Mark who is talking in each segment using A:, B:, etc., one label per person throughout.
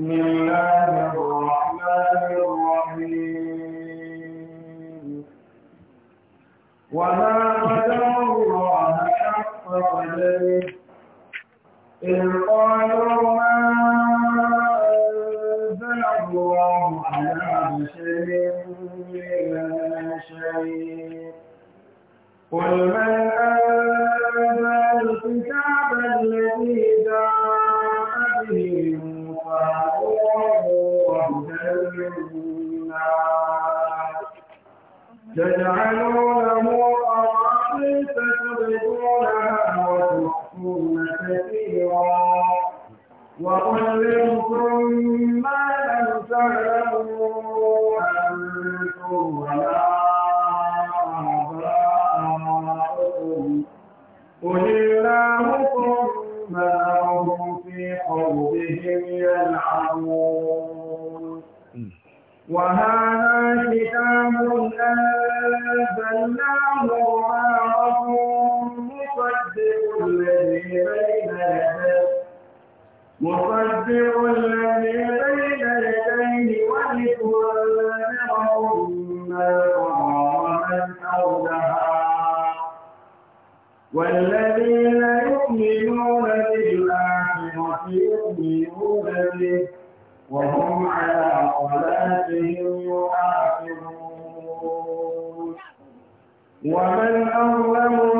A: Yeah. قل من أنزل الكتاب الذي جاء به موسى وهدى للناس تجعلونه قراطيس تبدونها وتخفون كثيرا وقل لكم ما لم تعلموا قل الله ثم أرهم في قومهم يلعبون وهذا كتاب أنزلناه مبارك مصدق الذي بين يديه مصدق الذي بين يديه ولتنذر ما ولا به وهم على صلاتهم يحافظون ومن أظلم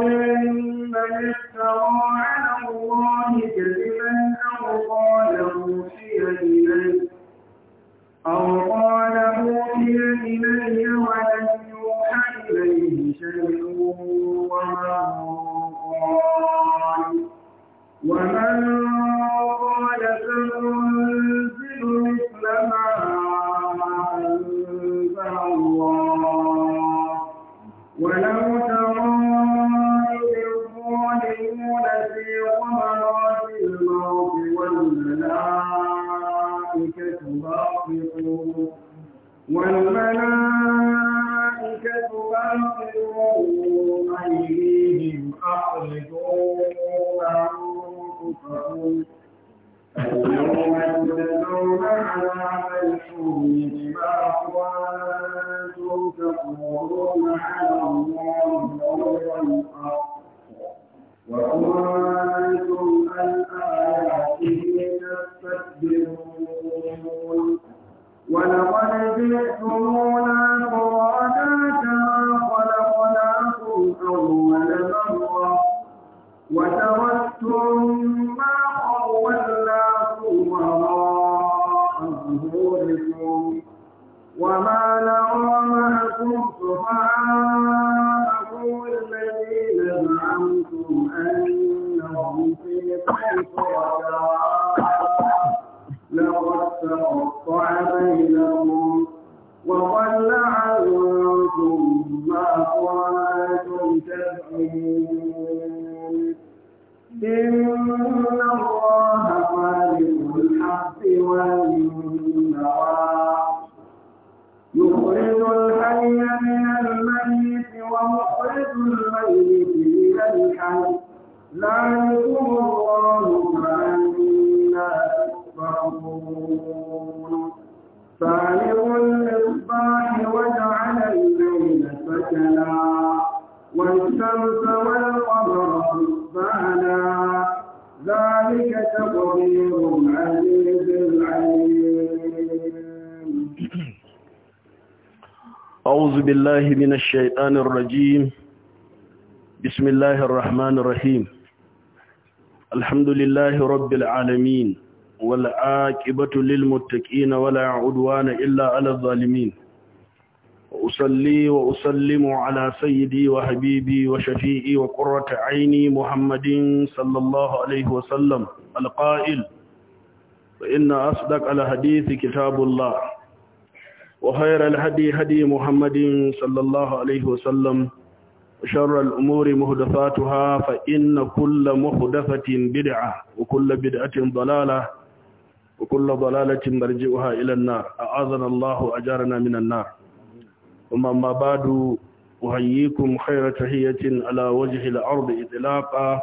A: غمرات الموت والملائكة باطلون والملائكة باطلون أيديهم أخرجوا أنفسكم اليوم تجزون عذاب الحوم بما كنتم تقولون على الله غير الحق وكنتم ولقد جئتمونا الحي من الميت ومخرج الميت من الحي ذلكم الله فأنا تكفرون فالغ المصباح وجعل الليل سكنا والشمس والقمر حسبانا ذلك تقدير العزيز العليم
B: أعوذ بالله من الشيطان الرجيم بسم الله الرحمن الرحيم الحمد لله رب العالمين والعاقبة للمتقين ولا عدوان إلا على الظالمين وأصلي وأسلم على سيدي وحبيبي وشفيئي وقرة عيني محمد صلى الله عليه وسلم القائل فإن أصدق الحديث كتاب الله وخير الهدي هدي محمد صلى الله عليه وسلم وشر الأمور مهدفاتها فإن كل مهدفة بدعة وكل بدعة ضلالة وكل ضلالة مرجئها إلى النار أعاذنا الله أجارنا من النار وما ما بعد أهيكم خير تحية على وجه الأرض إطلاقا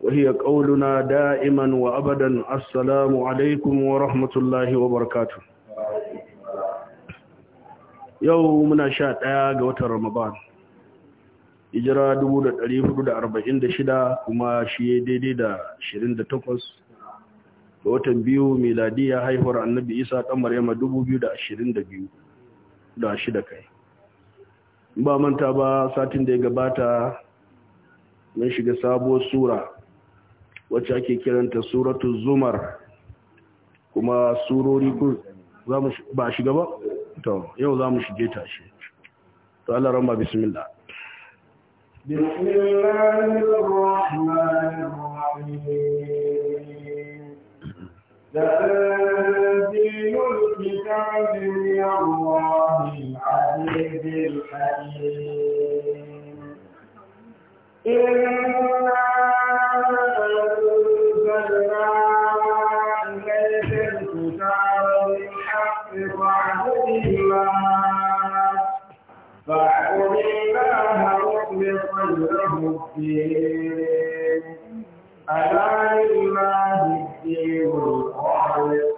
B: وهي قولنا دائما وأبدا السلام عليكم ورحمة الله وبركاته yau muna sha ɗaya ga watan ramadan hijira 446 kuma shi ya daidai da 28 ga watan biyu miladiya haihuwar annabi isa kamar yamma 2022 da shida kai ba manta ba satin da ya gabata mun shiga sabuwar sura wacce ake kiranta suratul zumar kuma surori ba shiga ba to yau za mu shige ta shi to Allah ramba bismillah
C: Bismillahirrahmanirrahim.
A: rahmanir rahim tanzilul kitabi min Allahil azizil hakim يوم الدين ألا لله الدين الخالص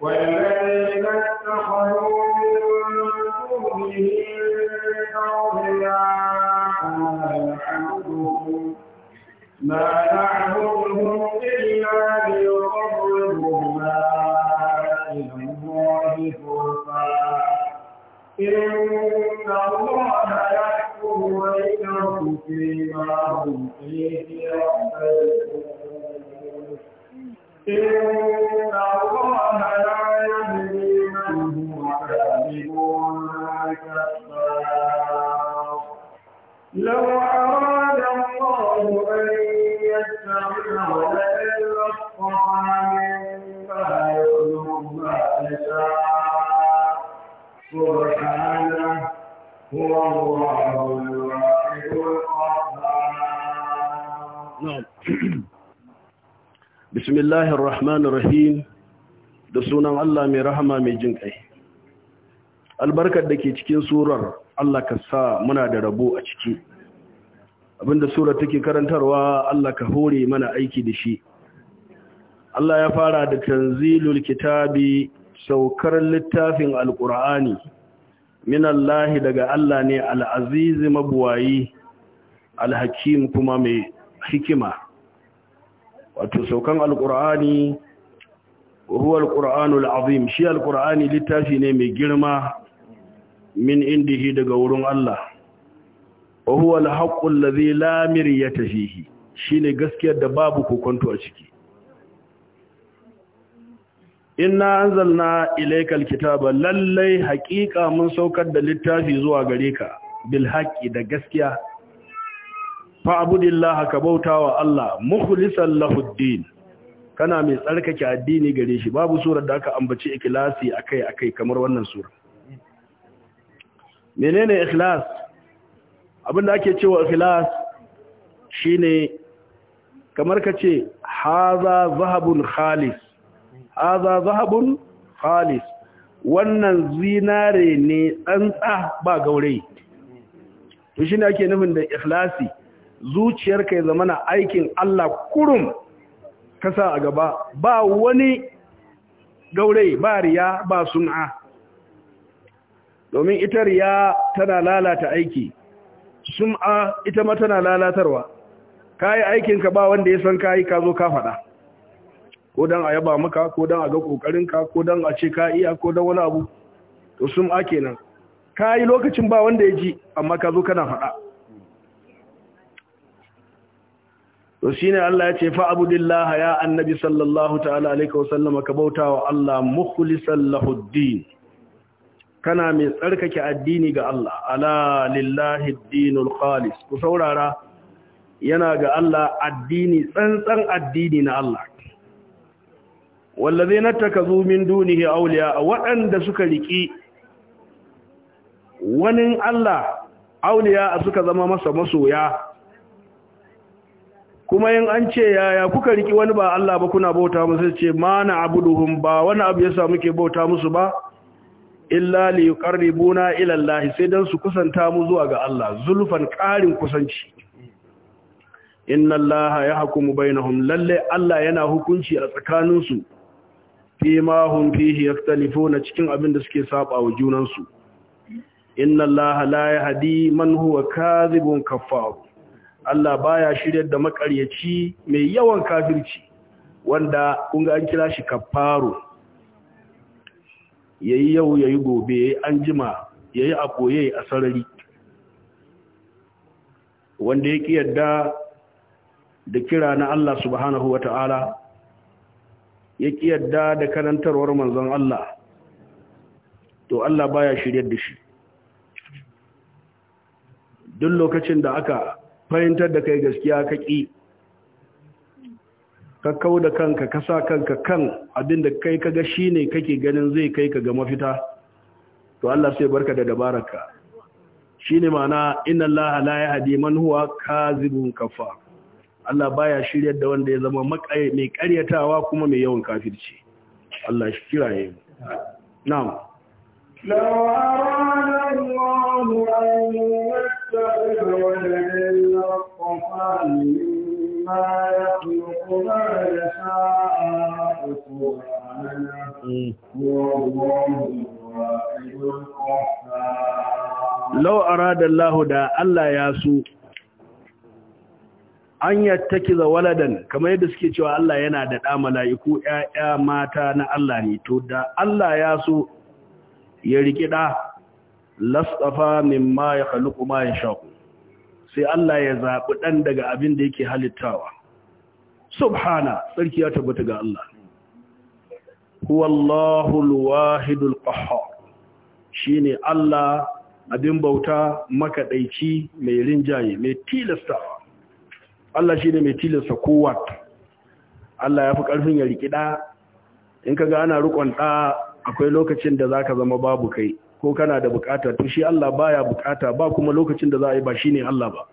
C: والذين
A: اتخذوا من دونه أولياء نعبدهم ما نعبدهم إلا ليقربونا إلى الله إن الله ma na Wow, wow, wow.
B: bismillahir rahmanir rahim da sunan Allah mai rahama mai jin kai albarkar da ke cikin surar Allah ka sa muna da rabo a ciki abinda surar take karantarwa Allah ka hore mana aiki da shi Allah ya fara da tanzilul kitabi saukar littafin alqur'ani minallahi daga Allah ne al-aziz mabuwayi al-hakim kuma mai hikima wato saukan alkur'ani ruwal qur'anul azim shi alkur'ani littafi ne mai girma min indihi daga wurin Allah wa huwa alhaqqu alladhi la miryata fihi shine gaskiyar da babu kokonto a ciki inna anzalna ilayka alkitaba lallai haqiqa mun saukar da littafi zuwa gare ka bil haqqi da gaskiya fa'abudillaha ka bauta wa Allah mukhlisan lahuddin kana mai tsarkake addini gare shi babu surar da aka ambaci ikhlasi akai akai kamar wannan sura menene ikhlas abinda ake cewa ikhlas shine kamar kace ce haza zahabun khalis haza zahabun khalis wannan zinare ne tsantsa ba gaurayi to shine ake nufin da ikhlasi zuciyarka ya zama na aikin Allah kurum kasa a gaba ba wani gaure ba riya ba sun'a domin ita riya tana lalata aiki sun'a ita ma tana lalatarwa Ka yi aikinka ba wanda ya san ka yi, ka zo ka faɗa ko don a yaba maka ko don a ga ƙoƙarinka ko don a ce ka iya ko don wani abu to sun'a kenan ka yi lokacin ba wanda ya ji amma ka zo kana faɗa to shine Allah ya ce fa abudillaha ya annabi sallallahu ta'ala alaihi wasallam ka wa Allah mukhlishan lahuddin kana mai tsarkake addini ga Allah ala lillahi ddinul khalis ku saurara yana ga Allah addini tsantsan addini na Allah wallazi takazu min dunihi awliya waɗanda suka riki wani Allah awliya suka zama masa masoya kuma yin an ce yaya kuka riki wani ba Allah ba kuna bauta musu ce ma na abuduhum ba wani abu yasa muke bauta musu ba illa li yuqarribuna ila Allah sai dan su kusanta mu zuwa ga Allah zulfan qarin kusanci inna Allah hukumu bainahum lalle Allah yana hukunci a tsakaninsu fi ma hum fihi yaktalifuna cikin abin da suke saba wa junansu inna Allah la yahdi man huwa kadhibun Allah baya shiryar da makaryaci mai yawan kafirci wanda kunga an kira shi kafaro yayi yau yayi gobe yayi anjima yayi a koye a sarari wanda yake yadda da kira na Allah subhanahu wata'ala yake yadda da karantarwar manzon Allah to Allah baya shiryar da shi duk lokacin da aka fahimtar da kai gaskiya ka ƙi ka kau da kanka ka sa kanka kan abin da kai kaga shi ne kake ganin zai kai ka ga mafita to Allah sai barka da dabararka shi ne ma'ana inna Allah la hadi man huwa kazibun kafa Allah baya shiryar da wanda ya zama mai karyatawa kuma mai yawan kafirci Allah shi kiraye mu na'am
A: يتخذ الذين اصطفى مما يخلق
B: لو أراد الله دا ياسو an waladan kamar yadda suke cewa Allah yana da ɗa mala'iku ‘ya'ya mata na Allah ne to da Allah ya so ya riƙi ɗa lastafa mimma ya khaliqu ma yasha sai Allah ya zaɓi ɗan daga abin da yake halittawa subhana sarki ya tabbata ga Allah huwallahu alwahidul qahhar shine Allah abin bauta makadaici mai rinjaye mai tilasta. Allah shine mai tilasta kowa Allah ya fi ƙarfin ya rikida in kaga ana rukon ɗa akwai lokacin da zaka zama babu kai ko kana da bukata to shi Allah baya bukata ba kuma lokacin da za a yi ba shine Allah ba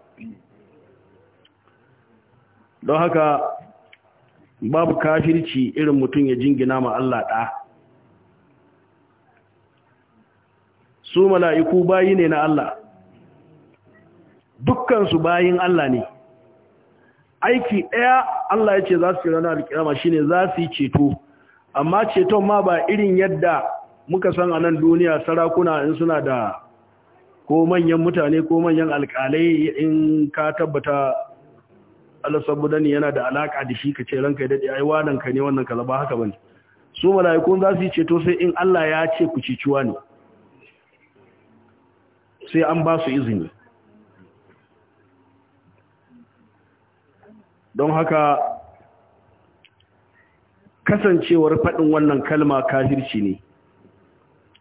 B: don haka babu kafirci irin mutum ya jingina ma Allah ɗa su mala'iku bayi ne na Allah dukkansu bayin Allah ne aiki ɗaya Allah ya ce za su yi ranar alƙirama shi ne za su yi ceto amma ceton ma ba irin yadda muka san a nan duniya sarakuna in suna da ko manyan mutane ko manyan alkalai in ka tabbata alasabudan yana da alaka da shi ka ce ranka ya daɗe ai wannan ka ne wannan kaza ba haka su mala'ikun za su yi ceto sai in Allah ya ce ku ciciwa ne sai an ba su izini don haka kasancewar faɗin wannan kalma kafirci ne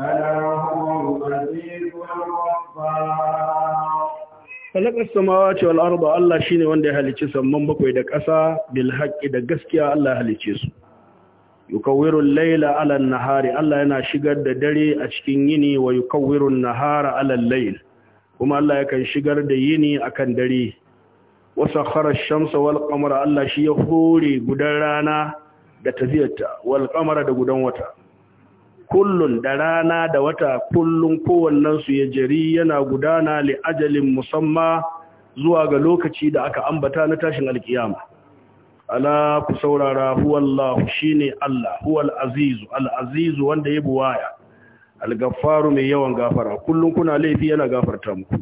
A: Alaƙar
B: samawa ce wal'arba Allah shi ne wanda ya halice samman bakwai da ƙasa bilhaƙi da gaskiya Allah ya halice su. Yukawirun laila alan nahari Allah yana shigar da dare a cikin yini wa yukawirun nahara alan lail, kuma Allah ya kan shigar da yini a kan dare. Wasa kharar shamsa wal Allah shi ya hore gudan rana da tafiyarta wal da gudan wata. kullun da rana da wata kullun su ya jari yana gudana li ajalin musamma zuwa ga lokaci da aka ambata na tashin alkiyama ala ku saurara huwallahu shine Allah huwal azizu al azizu wanda ya buwaya al gaffaru mai yawan gafara kullun kuna laifi yana gafarta muku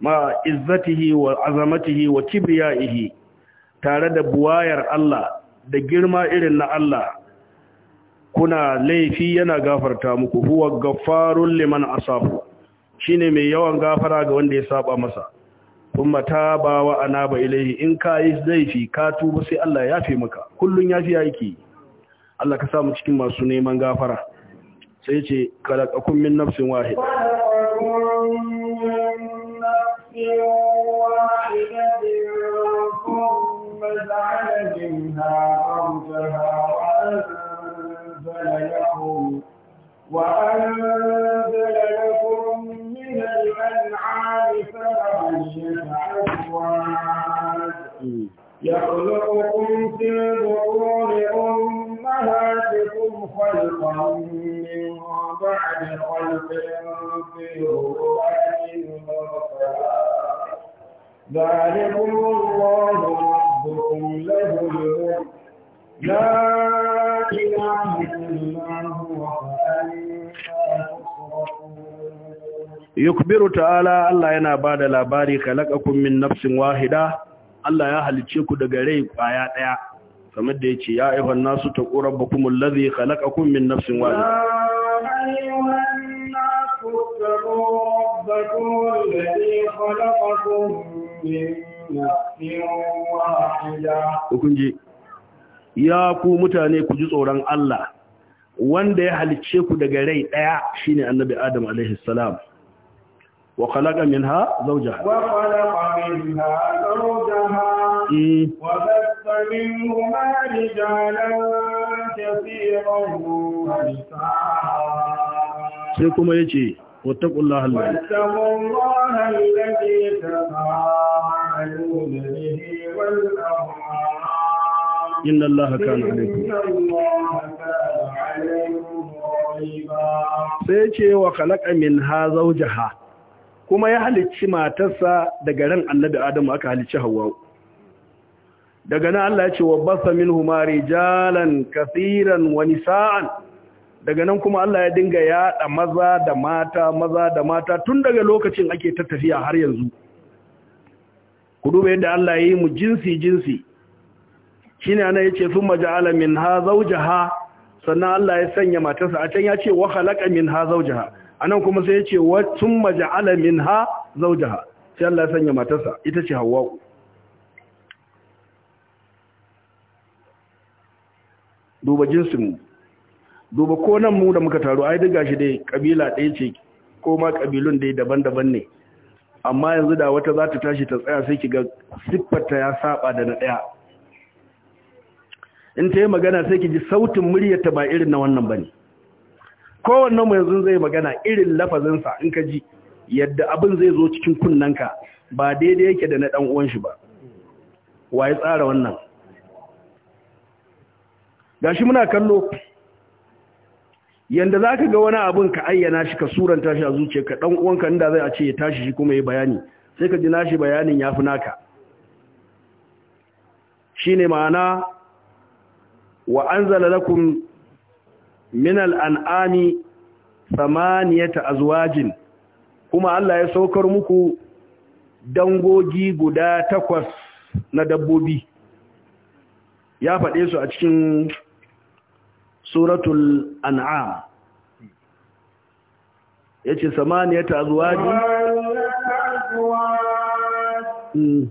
B: ma izzatihi wa azamatihi wa kibriyaihi tare da buwayar Allah da girma irin na Allah kuna laifi yana gafarta muku huwa gafarun liman asafu shine mai yawan gafara ga wanda ya saba masa kuma taba wa anaba ilaihi in ka yi laifi ka tuba sai Allah ya fi maka kullun ya fi yake Allah ka samu cikin masu neman gafara sai ce kalakakun min nafsin wahid
A: وأنزل لكم من الأنعام ثمانية أزواج يخلقكم في بطون أمهاتكم خلقا من بعد خلق في ذلكم الله ربكم له الملك لا إله إلا هو
B: yukbiru ta'ala Allah yana ba da labari khalaqakum min nafsin wahida Allah ya halice ku daga rai kwaya daya kamar da yace ya ayyuhan nasu taqurabbukum allazi khalaqakum min nafsin wahida
A: khalaqakum min nafsin wahida
B: ya ku mutane ku ji tsoron Allah wanda ya halicce ku daga rai daya shine annabi adam alaihi salam wa khalaqa minha zawjaha wa
A: khalaqa minha zawjaha mm. wa basta minhuma rijalan kathiran wa nisaa
B: sai kuma yace wattaqullaha allazi
A: wattaqullaha allazi tataa'aluna bihi wal
B: إن الله كان عليكم sai ce wa khalaqa minha zawjaha kuma ya halicci matarsa daga ran annabi adamu aka halicci Hauwa. daga nan Allah ya ce wa basa daga nan kuma Allah ya dinga yaɗa maza da mata maza da mata tun daga lokacin ake ta tafiya har yanzu ku duba yadda Allah ya yi mu jinsi jinsi shine ana yace thumma ha minha zawjaha sannan Allah ya sanya matarsa a can ce wa khalaqa ha zawjaha anan kuma sai yace wa thumma ha minha zawjaha sai Allah ya sanya matarsa ita ce Hawwa duba jinsin duba ko nan mu da muka taru ai duka shi dai kabila ɗaya ce ko ma kabilun dai daban-daban ne amma yanzu da wata za ta tashi ta tsaya sai kiga siffarta ya saba da na ɗaya in ta yi magana sai ki ji sautin muryarta ba irin na wannan ba ne kowannen mu yanzu zai magana irin lafazinsa in ka ji yadda abin zai zo cikin ka ba daidai yake da na ɗan uwan shi ba Waye tsara wannan gashi muna kallo yanda zaka ga wani abun ka ayyana shi ka suranta shi a zuciya ka ɗan uwanka inda zai a ce ya tashi shi kuma ya bayani sai ka ji nashi bayanin ya fi naka shine ne ma'ana wa anzala lakum min al'an'ami samaniyata azwajin kuma Allah ya saukar muku dangogi guda takwas na dabbobi ya faɗe su a cikin suratul an'am ya ce samaniyata azwajin hmm.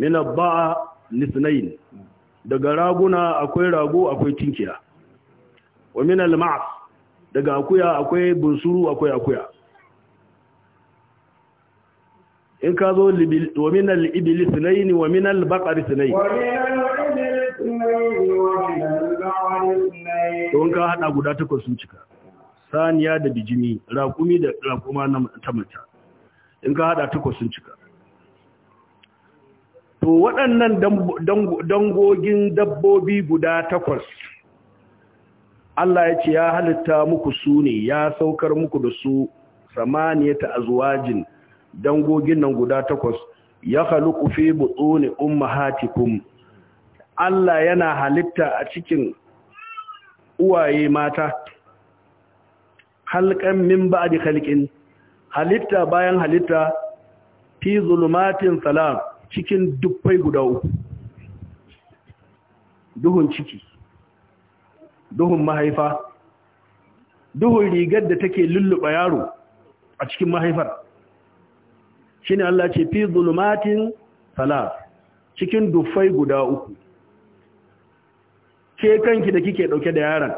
B: min ba'a lisnain daga raguna akwai rago akwai tinkiya wa min al daga akuya akwai bunsuru akwai akuya in ka zo wa min al-ibli lisnain wa min al-baqari lisnain wa
A: min al-ibli lisnain wa min al-baqari lisnain don ka
B: hada guda takwas sun cika saniya da bijimi raƙumi da raƙuma na tamata in ka hada takwas sun cika to waɗannan dangogin dabbobi guda takwas Allah ya ce ya halitta muku su ne ya saukar muku da su samaniya samaniyata azuwajin dangogin nan guda takwas ya haluku fi Hati ummahatikum Allah yana halitta a cikin uwaye mata halkan min ba halkin, halitta bayan halitta fi zulumatin salam cikin dubbai guda uku duhun ciki duhun mahaifa duhun rigar da take lulluɓa yaro a cikin mahaifar ne Allah ce fi zulmatin salat cikin duffai guda uku ke kanki da kike ɗauke da yaron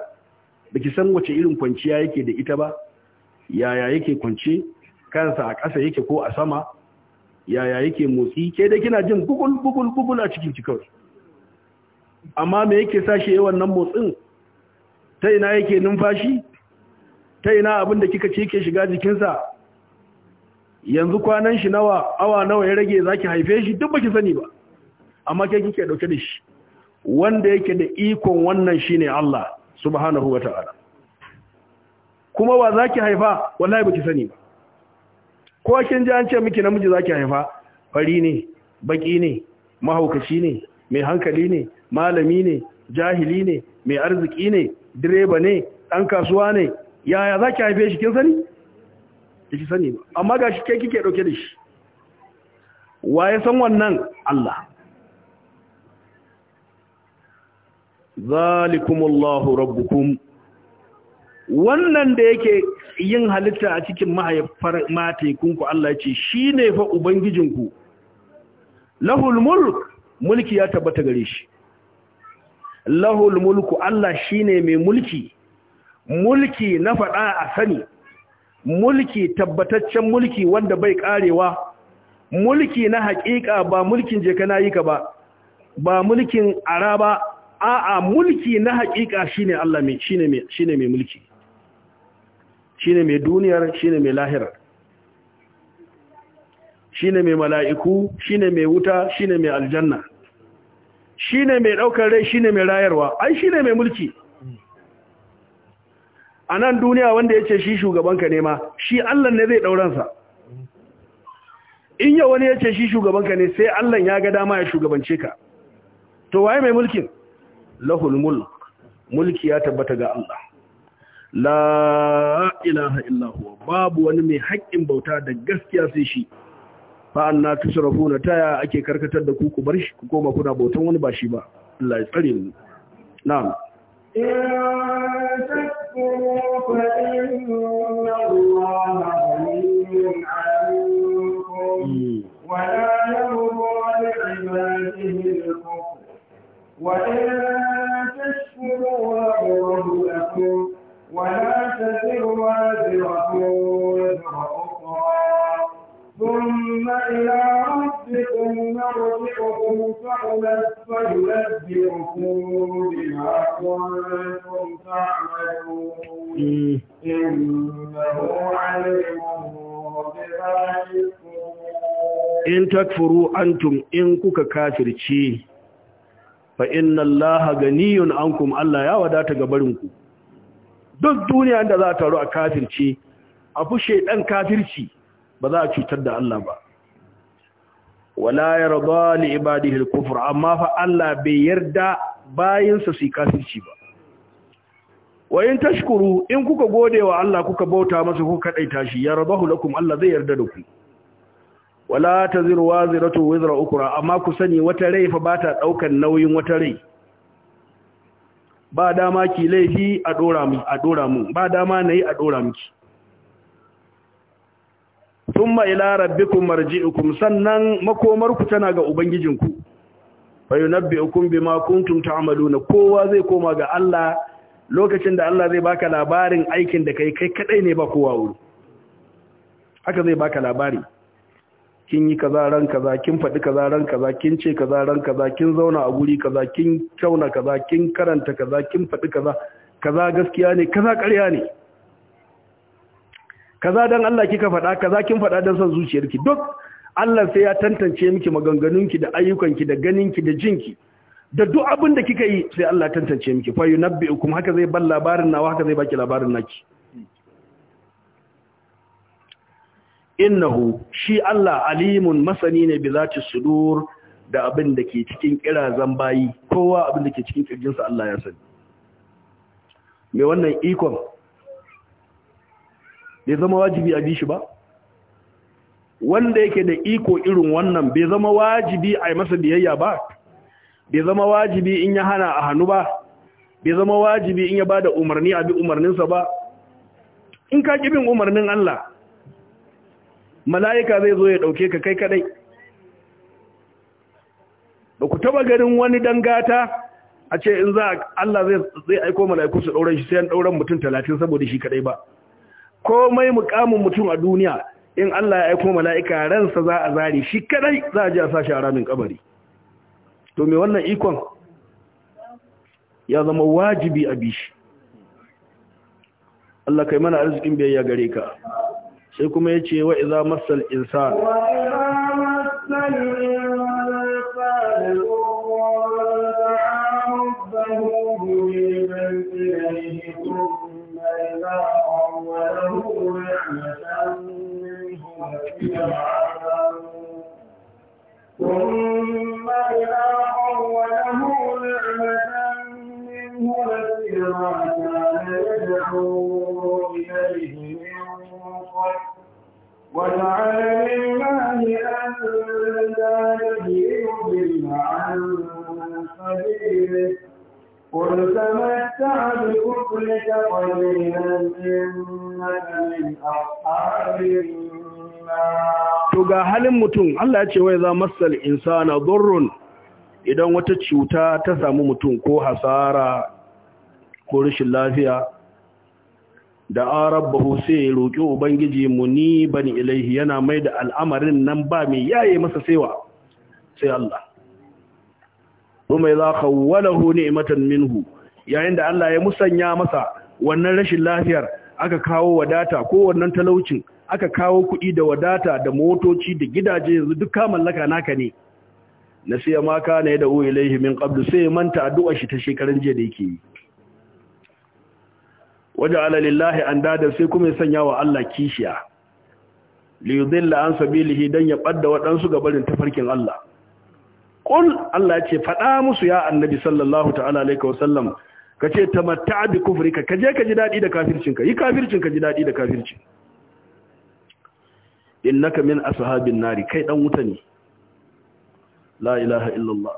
B: baki san wace irin kwanciya yake da ita ba yaya yake kwanci? kansa a ƙasa yake ko a sama yaya yake motsi ke dai kina jin bugul bugul bugul a cikin ki amma me yake sashi shi yawan nan motsin ta ina yake numfashi ta ina abin da kika ce yake shiga jikinsa yanzu kwanan shi nawa awa nawa ya rage zaki haife shi duk baki sani ba amma ke kike dauke da shi wanda yake da ikon wannan shine Allah subhanahu wataala kuma wa zaki haifa wallahi baki sani ba ko kin ji an ce miki namiji zaki haifa fari ne baki ne mahaukaci ne mai hankali ne malami ne jahili ne mai arziki ne direba ne dan kasuwa ne yaya zaki haife shi kin sani kike sani amma gashi kai kike dauke da shi wa san wannan Allah zalikumullahu rabbukum wannan da yake yin halitta a cikin mahaifar kunku Allah ce shi ne fa Ubangijinku, lahul mulk mulki ya tabbata gare shi, lahul mulku Allah shi ne mai mulki, mulki na faɗa a sani, mulki tabbataccen mulki wanda bai ƙarewa, mulki na haƙiƙa ba mulkin jeka na yi ka ba, ba mulkin araba. a'a mulki na haƙiƙa shi ne Allah mai mulki. shine mai duniyar shine mai shi shine mai mala'iku shine mai wuta shine mai aljanna shine mai daukar rai shine mai rayarwa ai shine mai mulki a nan duniya wanda ya ce shi shugabanka ne ma shi Allah ne zai ɗauransa in yau wani ya ce shi shugabanka ne sai Allah ya ga dama ya shugabance ka to waye mai mulkin lahul mulk mulki ya tabbata ga Allah la ilaha illahu babu wani mai haƙƙin bauta da gaskiya sai shi fa'an na tusurafu na taya ake karkatar da ku ku bar shi ku koma kuna bautan wani ba shi ba Allah ya tsare mu
A: na'am ولا يرضى لعباده الكفر وإن تشكروا الله ولا تزر وازرة
B: in takfuru antum in kuka kafirce fa inna allaha ganiyun ankum Allah ya wadata ga barinku duk duniya da za a taru a kafirce a fushe ɗan kafirci ba za a cutar da Allah ba wala yarda li ibadihi al-kufr amma fa Allah bai yarda bayinsa su kafirci ba wa in tashkuru in kuka godewa Allah kuka bauta masa kuka daita shi yardahu lakum Allah zai yarda da ku wala taziru waziratu wizra ukra amma ku sani wata rai fa bata ɗaukan nauyin wata rai ba dama ki laifi a ɗora mu ba dama na yi a dora miki sun ma'ila rabbikun marji'ikun sannan makomarku tana ga ubangijinku bayu nabbi ukun bi makuntum na kowa zai koma ga Allah lokacin da Allah zai baka labarin aikin da kai kai kadai ne ba kowa wuri haka zai baka labari kin yi kaza ran kaza kin faɗi kaza ran kaza kin ce kaza ran kaza kin zauna a guri kaza kin kauna kaza kin karanta kaza kin faɗi kaza kaza gaskiya ne kaza ƙarya ne kaza dan Allah kika faɗa kaza kin faɗa dan son zuciyarki duk Allah sai ya tantance miki maganganunki da ayyukanki da ganinki da jinki da duk abin da kika yi sai Allah tantance miki fa yunabbi'ukum haka zai bar labarin nawa haka zai baki labarin naki innahu shi Allah alimun masani ne bi zati sudur da abin da ke cikin kirazan bayi kowa abin da ke cikin kirjinsa Allah ya sani mai wannan ikon bai zama wajibi a bi ba wanda yake da iko irin wannan bai zama wajibi a yi masa biyayya ba bai zama wajibi in ya hana a hannu ba bai zama wajibi in ya ba da umarni a bi umarninsa ba in ka ƙi bin umarnin Allah mala'ika zai zo ya ɗauke ka kai kaɗai ba ku taɓa ganin wani dangata a ce in za Allah zai aiko mala'iku su ɗauran shi sai an ɗauran mutum talatin saboda shi kaɗai ba komai mukamin mutum a duniya in Allah ya aiko mala'ika ransa za a zare shi kaɗai za a ji a sashi a ramin ƙabari. to me wannan ikon ya zama wajibi a bishi Allah kai mana arzikin biyayya gare ka sai kuma ya ce wa iza masal
A: وجعل لله عن سبيله قل تمتع بكفرك قليلا إنك من أصحاب
B: To ga halin mutum, Allah ya ce wai za masal insana zurrun idan wata cuta ta samu mutum ko hasara ko rashin lafiya da rabbahu sai ya roƙi ubangiji muniban ilaihi yana mai da al'amarin nan ba mai yaye masa saiwa sai Allah kuma idza khawwalahu ni'matan minhu yayin da Allah ya musanya masa wannan rashin lafiyar aka kawo wadata ko wannan talaucin aka kawo kuɗi da wadata da motoci da gidaje yanzu duk ka mallaka naka ne nasiya maka ne da u ilaihi min qablu sai manta addu'a shi ta shekarun jiya da yake yi waje alalillahi an dada sai kuma ya sanya wa Allah kishiya liyudilla an sabilihi dan ya ɓadda waɗansu ga barin tafarkin Allah ƙul Allah ce faɗa musu ya annabi sallallahu ta'ala alaika wasallam ka ce tamatta bi kufri ka je ka ji daɗi da kafircinka yi kafircin ka ji daɗi da kafircin innaka min ashabin nari kai dan wuta ne la ilaha illallah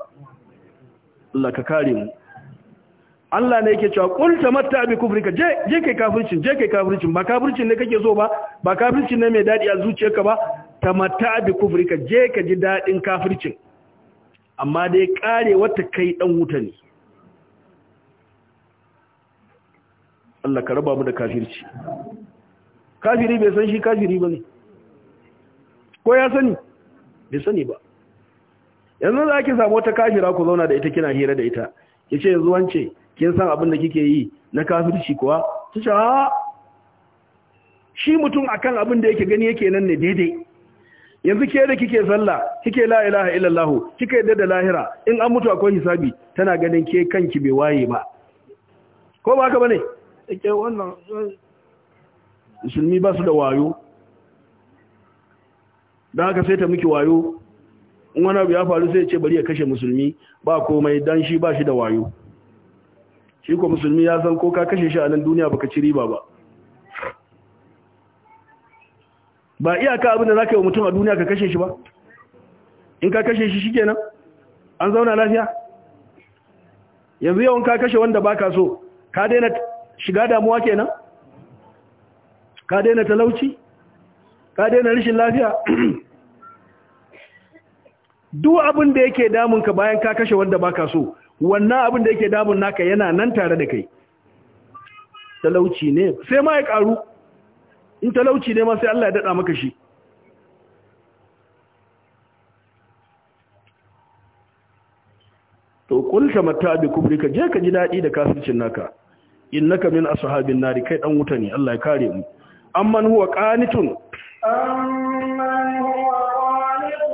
B: Allah ka kare mu Allah ne yake cewa qul tamatta bi kufrika je je kai kafircin je kai kafircin ba kafircin ne kake so ba ba kafircin ne mai dadi a zuciyarka ba tamatta bi kufrika je ka ji dadin kafircin amma dai kare wata kai dan wuta ne Allah ka raba mu da kafirci kafiri bai san shi kafiri bane ko ya sani bai sani ba yanzu za ki samu wata kafira ku zauna da ita kina hira da ita yace yanzu wance kin san abin da kike yi na kafirci kuwa Ta ce shi mutum akan abin da yake gani yake nan ne daidai yanzu ke da kike sallah kike la ilaha illallah kike da da lahira in an mutu akwai hisabi tana ganin ke kanki bai waye ba ko ba haka bane
A: ke wannan
B: musulmi ba su da wayo dan haka sai ta miki wayo in wani abu ya faru sai ya ce bari ya kashe musulmi ba komai dan shi ba shi da wayo shi ko musulmi ya san ko ka kashe shi a nan duniya baka ci riba ba ba iyaka abin da za ka yi wa mutum a duniya ka kashe shi ba in ka kashe shi shikenan an zauna lafiya yanzu yawan ka kashe wanda baka so ka daina shiga damuwa kenan ka daina talauci ka daina rashin lafiya duk abin da yake damunka bayan ka kashe wanda baka so wannan abin da yake damun naka yana nan tare da kai talauci ne sai ma ya karu in talauci ne ma sai Allah ya dada maka shi to kulta matabi kubri ka je ka ji dadi da kafircin naka innaka min ashabin nari kai dan wuta ne Allah ya kare mu amman huwa qanitun amman
A: huwa qanitun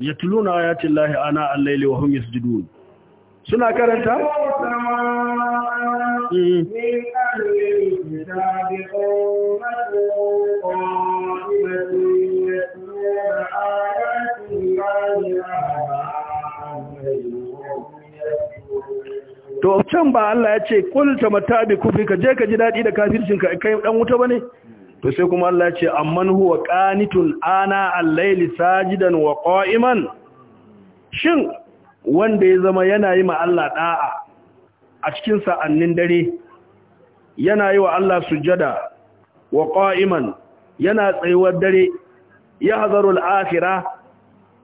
B: yatluna ayatin lahi ana allaili wa hum yasjudun suna karanta to can ba Allah ya ce kul tamata bi kufrika je ka ji dadi da kafircinka kai dan wuta bane to sai kuma Allah ce amman huwa qanitun ana al-layli sajidan wa qa'iman shin wanda ya zama yana yi ma Allah da'a a cikin sa'annin dare yana yi wa Allah sujada wa qa'iman yana tsayuwar dare ya hazarul akhirah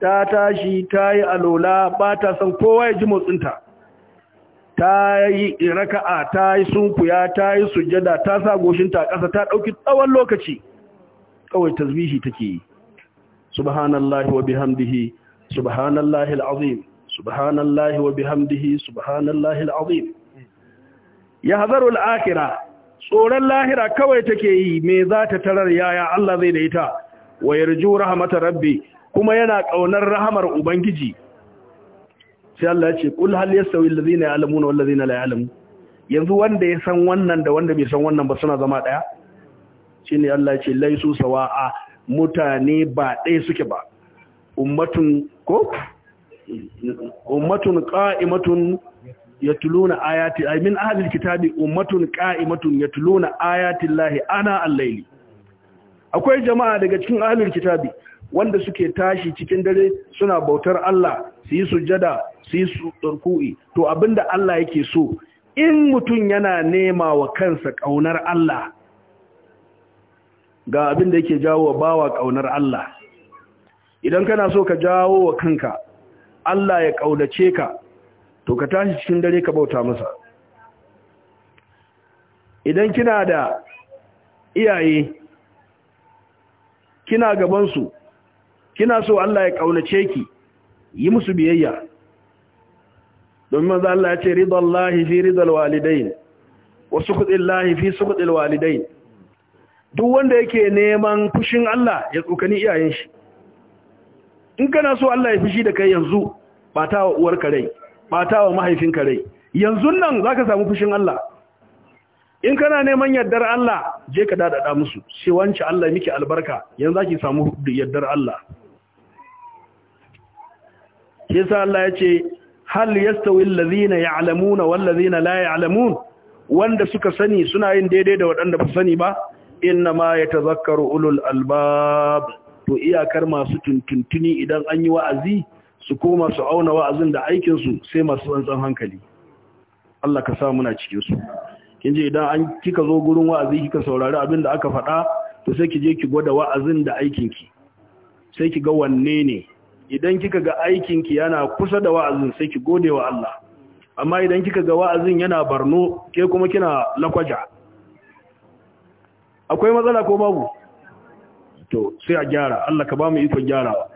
B: ta tashi tayi alola ba ta san kowa ya ji motsinta ta yi raka'a ta yi sunkuya ta yi sujjada ta sa goshinta a ƙasa ta ɗauki tsawon lokaci kawai tasbihi take yi subhanallahi wa bihamdihi subhanallahi alazim subhanallahi wa bihamdihi subhanallahi alazim yahzaru alakhirah tsoron lahira kawai take yi me za ta tarar yaya Allah zai da ita wa yarju rahmatar rabbi kuma yana ƙaunar rahamar ubangiji sai Allah ya ce kul hal yastawi alladhina ya'lamuna wal ladhina la ya'lamu yanzu wanda ya san wannan da wanda bai san wannan ba suna zama daya shine Allah ya ce laisu sawa'a mutane ba ɗaya suke ba ummatun ko ummatun qa'imatun yatluna ayati ay min ahli alkitabi ummatun qa'imatun yatluna ayati llahi ana al-layli akwai jama'a daga cikin ahli alkitabi wanda suke tashi cikin dare suna bautar Allah su yi sujjada sai su yi to abinda Allah yake so in mutum yana nema wa kansa ƙaunar Allah ga abin da yake jawo wa bawa ƙaunar Allah idan kana so ka jawo wa kanka Allah ya ƙaunace ka to ka tashi cikin dare ka bauta masa idan kina da iyaye kina gabansu kina so Allah ya ƙaunace ki yi musu biyayya domin maza Allah ya ce Allah fi ridal walidain wa Allah fi sukhdil walidain duk wanda yake neman fushin Allah ya tsokani iyayen shi in kana so Allah ya fushi da kai yanzu ba ta wa uwar ka rai ba ta wa mahaifin ka rai yanzu nan ka samu fushin Allah in kana neman yaddar Allah je ka dadada musu sai wance Allah miki albarka yanzu ki samu yaddar Allah sai Allah ya ce hal yastawi alladhina ya'lamuna wal ladzina la ya'lamun wanda suka sani suna yin daidai da waɗanda ba sani ba inna ma yatazakkaru ulul albab to iyakar masu tuntuntuni idan an yi wa'azi su koma su auna wa'azin da aikin su sai masu tsantsan hankali Allah ka sa muna cikin su kin je idan an kika zo gurin wa'azi kika saurari abin da aka faɗa to sai ki je ki gwada wa'azin da aikin ki sai ki ga wanne ne idan kika ga aikinki yana kusa da wa'azin sai ki gode wa Allah amma idan kika ga wa'azin yana barno ke kuma kina lakwaja akwai matsala ko babu to sai a gyara Allah ka ba mu ikon gyarawa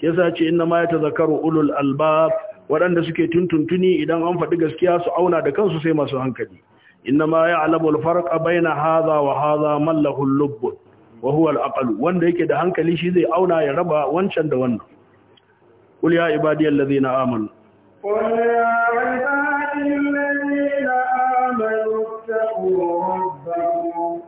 B: yasa ce inna ma yatazakaru ulul albab waɗanda suke tuntuntuni idan an faɗi gaskiya su auna da kansu sai masu hankali inna ma ya'lamul farqa baina hadha wa hadha man al-lubb wa huwa al wanda yake da hankali shi zai auna ya raba wancan da wannan قل يا عبادي الذين آمنوا
A: قل يا عبادي الذين آمنوا اتقوا ربكم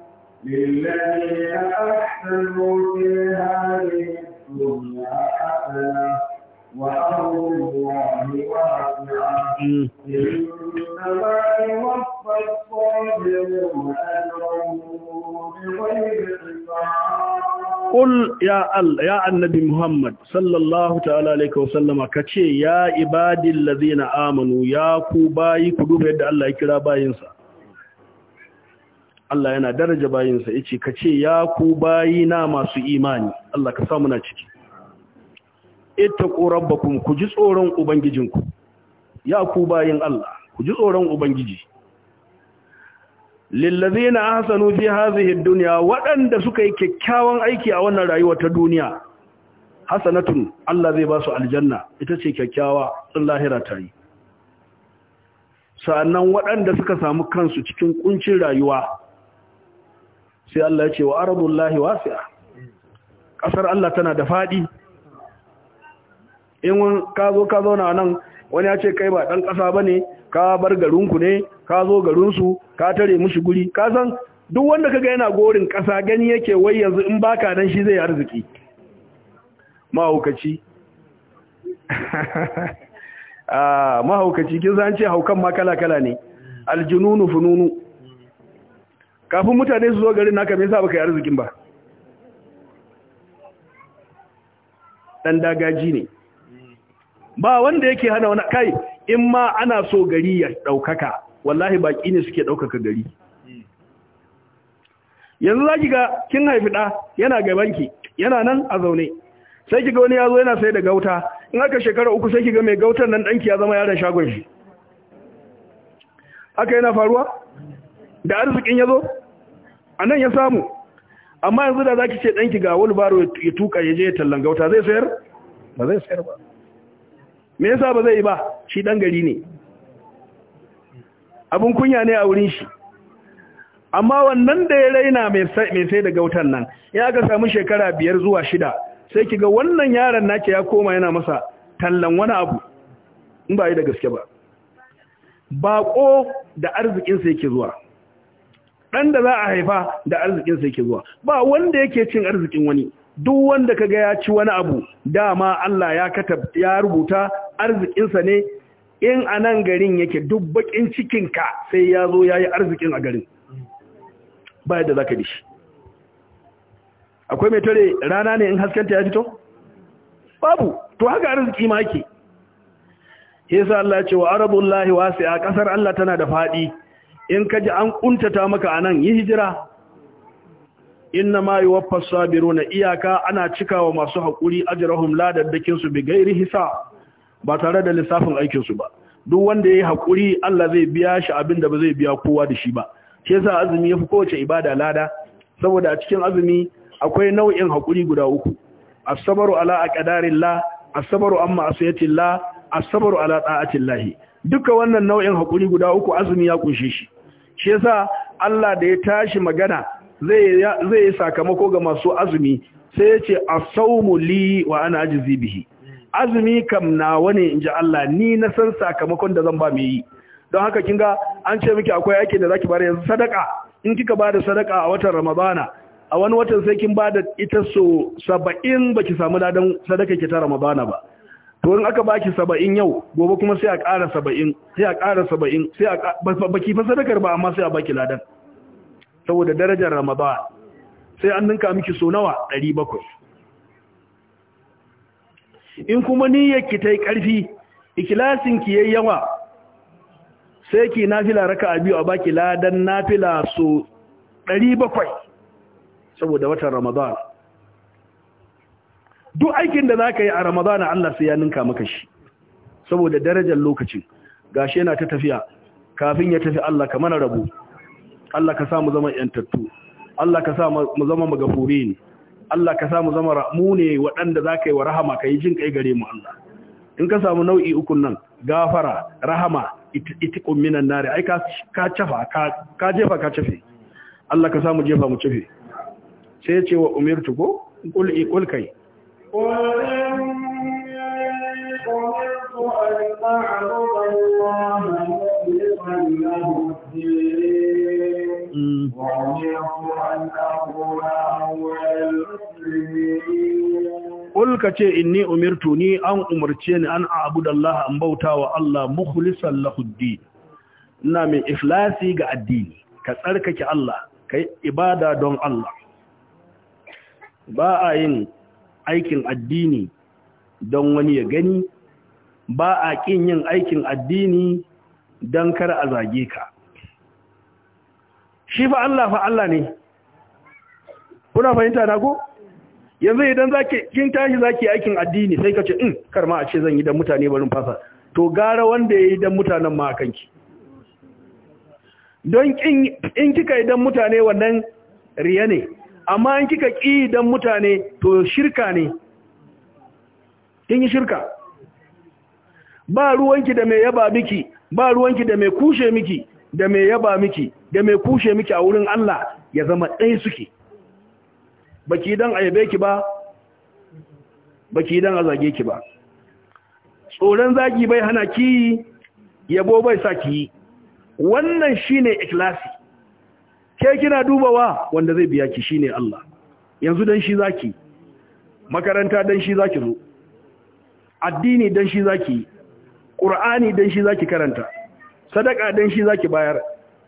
A: للذين أحسنوا في هذه الدنيا حسنة Kul ya واسعة إنما يوفى الصابرون أجرهم بغير
B: قل يا ال يا النبي محمد صلى الله تعالى ya ibadil ladina amanu ya ku bayi ku duba yadda Allah ya kira bayinsa Allah yana daraja bayinsa ya ka ce ya ku bayi na masu imani Allah ka samu na ciki ittaqu rabbakum ku ji tsoron ubangijinku ya ku bayin Allah ku ji tsoron ubangiji lillazina ahsanu fi hadhihi ad-dunya waɗanda suka yi kyakkyawan aiki a wannan rayuwa ta duniya hasanatun Allah zai ba su aljanna ita ce kyakkyawa sun lahira ta yi sa'annan waɗanda suka samu kansu cikin kuncin rayuwa sai Allah ya ce wa wasi'a kasar Allah tana da fadi in ka zo ka zauna nan wani ya ce kai ba ɗan ƙasa ba ne ka bar garinku ne ka zo garinsu ka tare mushi guri ka san duk wanda ka ga yana gorin ƙasa gani yake wai yanzu in baka nan shi zai arziki mahaukaci ah, mahaukaci kin san ce haukan ma kala-kala ne aljununu fununu kafin mutane su zo garin naka me yasa baka yi arzikin ba dan dagaji ne ba wanda yake hana wani kai in ma ana so gari ya ɗaukaka wallahi baki ne suke ɗaukaka gari yanzu za ga kin haifi ɗa yana gabanki yana nan a zaune sai ki wani yazo yana sai da gauta in aka shekara uku sai ki ga mai gautar nan ɗanki ya zama yaron shagon shi haka yana faruwa da arzikin yazo zo a nan ya samu amma yanzu da zaki ce danki ga wani baro ya tuka ya je ya tallan gauta zai sayar ba zai sayar ba me yasa ba zai yi ba shi dan gari ne abun kunya ne a wurin shi amma wannan da ya raina mai sai daga gautan nan ya ga samu shekara biyar zuwa shida sai kiga wannan yaron nake ya koma yana masa tallan wani abu in ba yi da gaske ba baƙo da arzikinsa yake zuwa ɗan da za a haifa da arzikinsa yake zuwa ba wanda yake cin arzikin wani duk wanda kaga ya ci wani abu dama Allah ya katab ya rubuta arzikinsa ne in a nan garin yake duk bakin cikinka sai ya zo ya yi arzikin a garin bayan da za ka dishi akwai mai tare rana ne in haskanta ya fito? babu to haka arziki ma yake yasa Allah ce wa arabullahi wasu a kasar Allah tana da faɗi. in ka ji an ƙuntata maka anan yi hijira inna ma yuwaffa sabiruna iyaka ana cikawa masu hakuri ajrahum ladaddakin su bi gairi hisa ba tare da lissafin aikin su ba duk wanda yayi hakuri Allah zai biya shi abinda ba zai biya kowa da shi ba shi yasa azumi yafi kowace ibada lada saboda a cikin azumi akwai nau'in hakuri guda uku as-sabru ala aqdarillah as-sabru amma asiyatillah as-sabru ala ta'atillah duka wannan nau'in hakuri guda uku azumi ya kunshe shi shi yasa Allah da ya tashi magana zai yi sakamako ga masu azumi sai ya ce a saumu li wa ana aji bihi azumi kam na wani in ji Allah ni na san sakamakon da zan ba mai yi don haka kinga an ce miki akwai aikin da zaki bari yanzu sadaka in kika ba da sadaka a watan ramadana a wani watan sai kin ba da ita so saba'in ba ki samu ladan sadaka ki ta ramadana ba to in aka baki saba'in yau gobe kuma sai a ƙara saba'in sai a ƙara saba'in sai a baki fa sadakar ba amma sai a baki ladan saboda darajar ramadan sai an ninka miki so nawa 700 in kuma niyyarki ta yi ƙarfi ki yayi yawa sai ki nafila raka'a biyu a baki ladan nafila so 700 saboda watan ramadan duk aikin da za yi a ramadana Allah sai ya ninka maka shi saboda darajar lokacin gashi yana ta tafiya kafin ya tafi Allah kamar rabu Allah ka sa mu zama yantattu Allah ka sa mu zama ne, Allah ka sa mu zama mu ne waɗanda za ka yi wa rahama ka yi jin kai gare mu Allah in ka samu nau'i ukun nan gafara rahama itikun minan nare ai ka cafa ka jefa ka cafe Allah ka samu jefa mu cafe sai ya ce wa umirtu ko kul ikul kai قل Ulka ce in ni umirtu ni an umarce ni an abudallah an bauta wa Allah mukhlisan lahuddi ina mai iflasi ga addini ka tsarkake Allah yi ibada don Allah ba a yin aikin addini don wani ya gani ba a ƙin yin aikin addini don kar a zage ka shi fa Allah fa Allah ne kuna fahimta na ko yanzu idan zaki kin tashi zaki aikin addini sai ka ce in mm, karma a ce zan yi dan mutane barin fasa to gara wanda yayi dan mutanen ma kanki don in kika yi dan mutane wannan riya ne amma in kika ki dan mutane to shirka ne kin yi shirka ba ruwanki da mai yaba miki ba ruwanki da mai kushe miki da mai yaba miki da mai kushe miki a wurin Allah ya zama ɗaya suke baki dan ayabe ki ba baki dan azage ki ba tsoron zagi bai hana ki yi. yabo bai sa ki yi. wannan shi ne Ikilasi. ke kina dubawa wanda zai biya ki shi ne Allah yanzu dan shi zaki makaranta dan shi zaki zo addini dan shi zaki ƙura'ani dan shi zaki karanta sadaka dan shi zaki bayar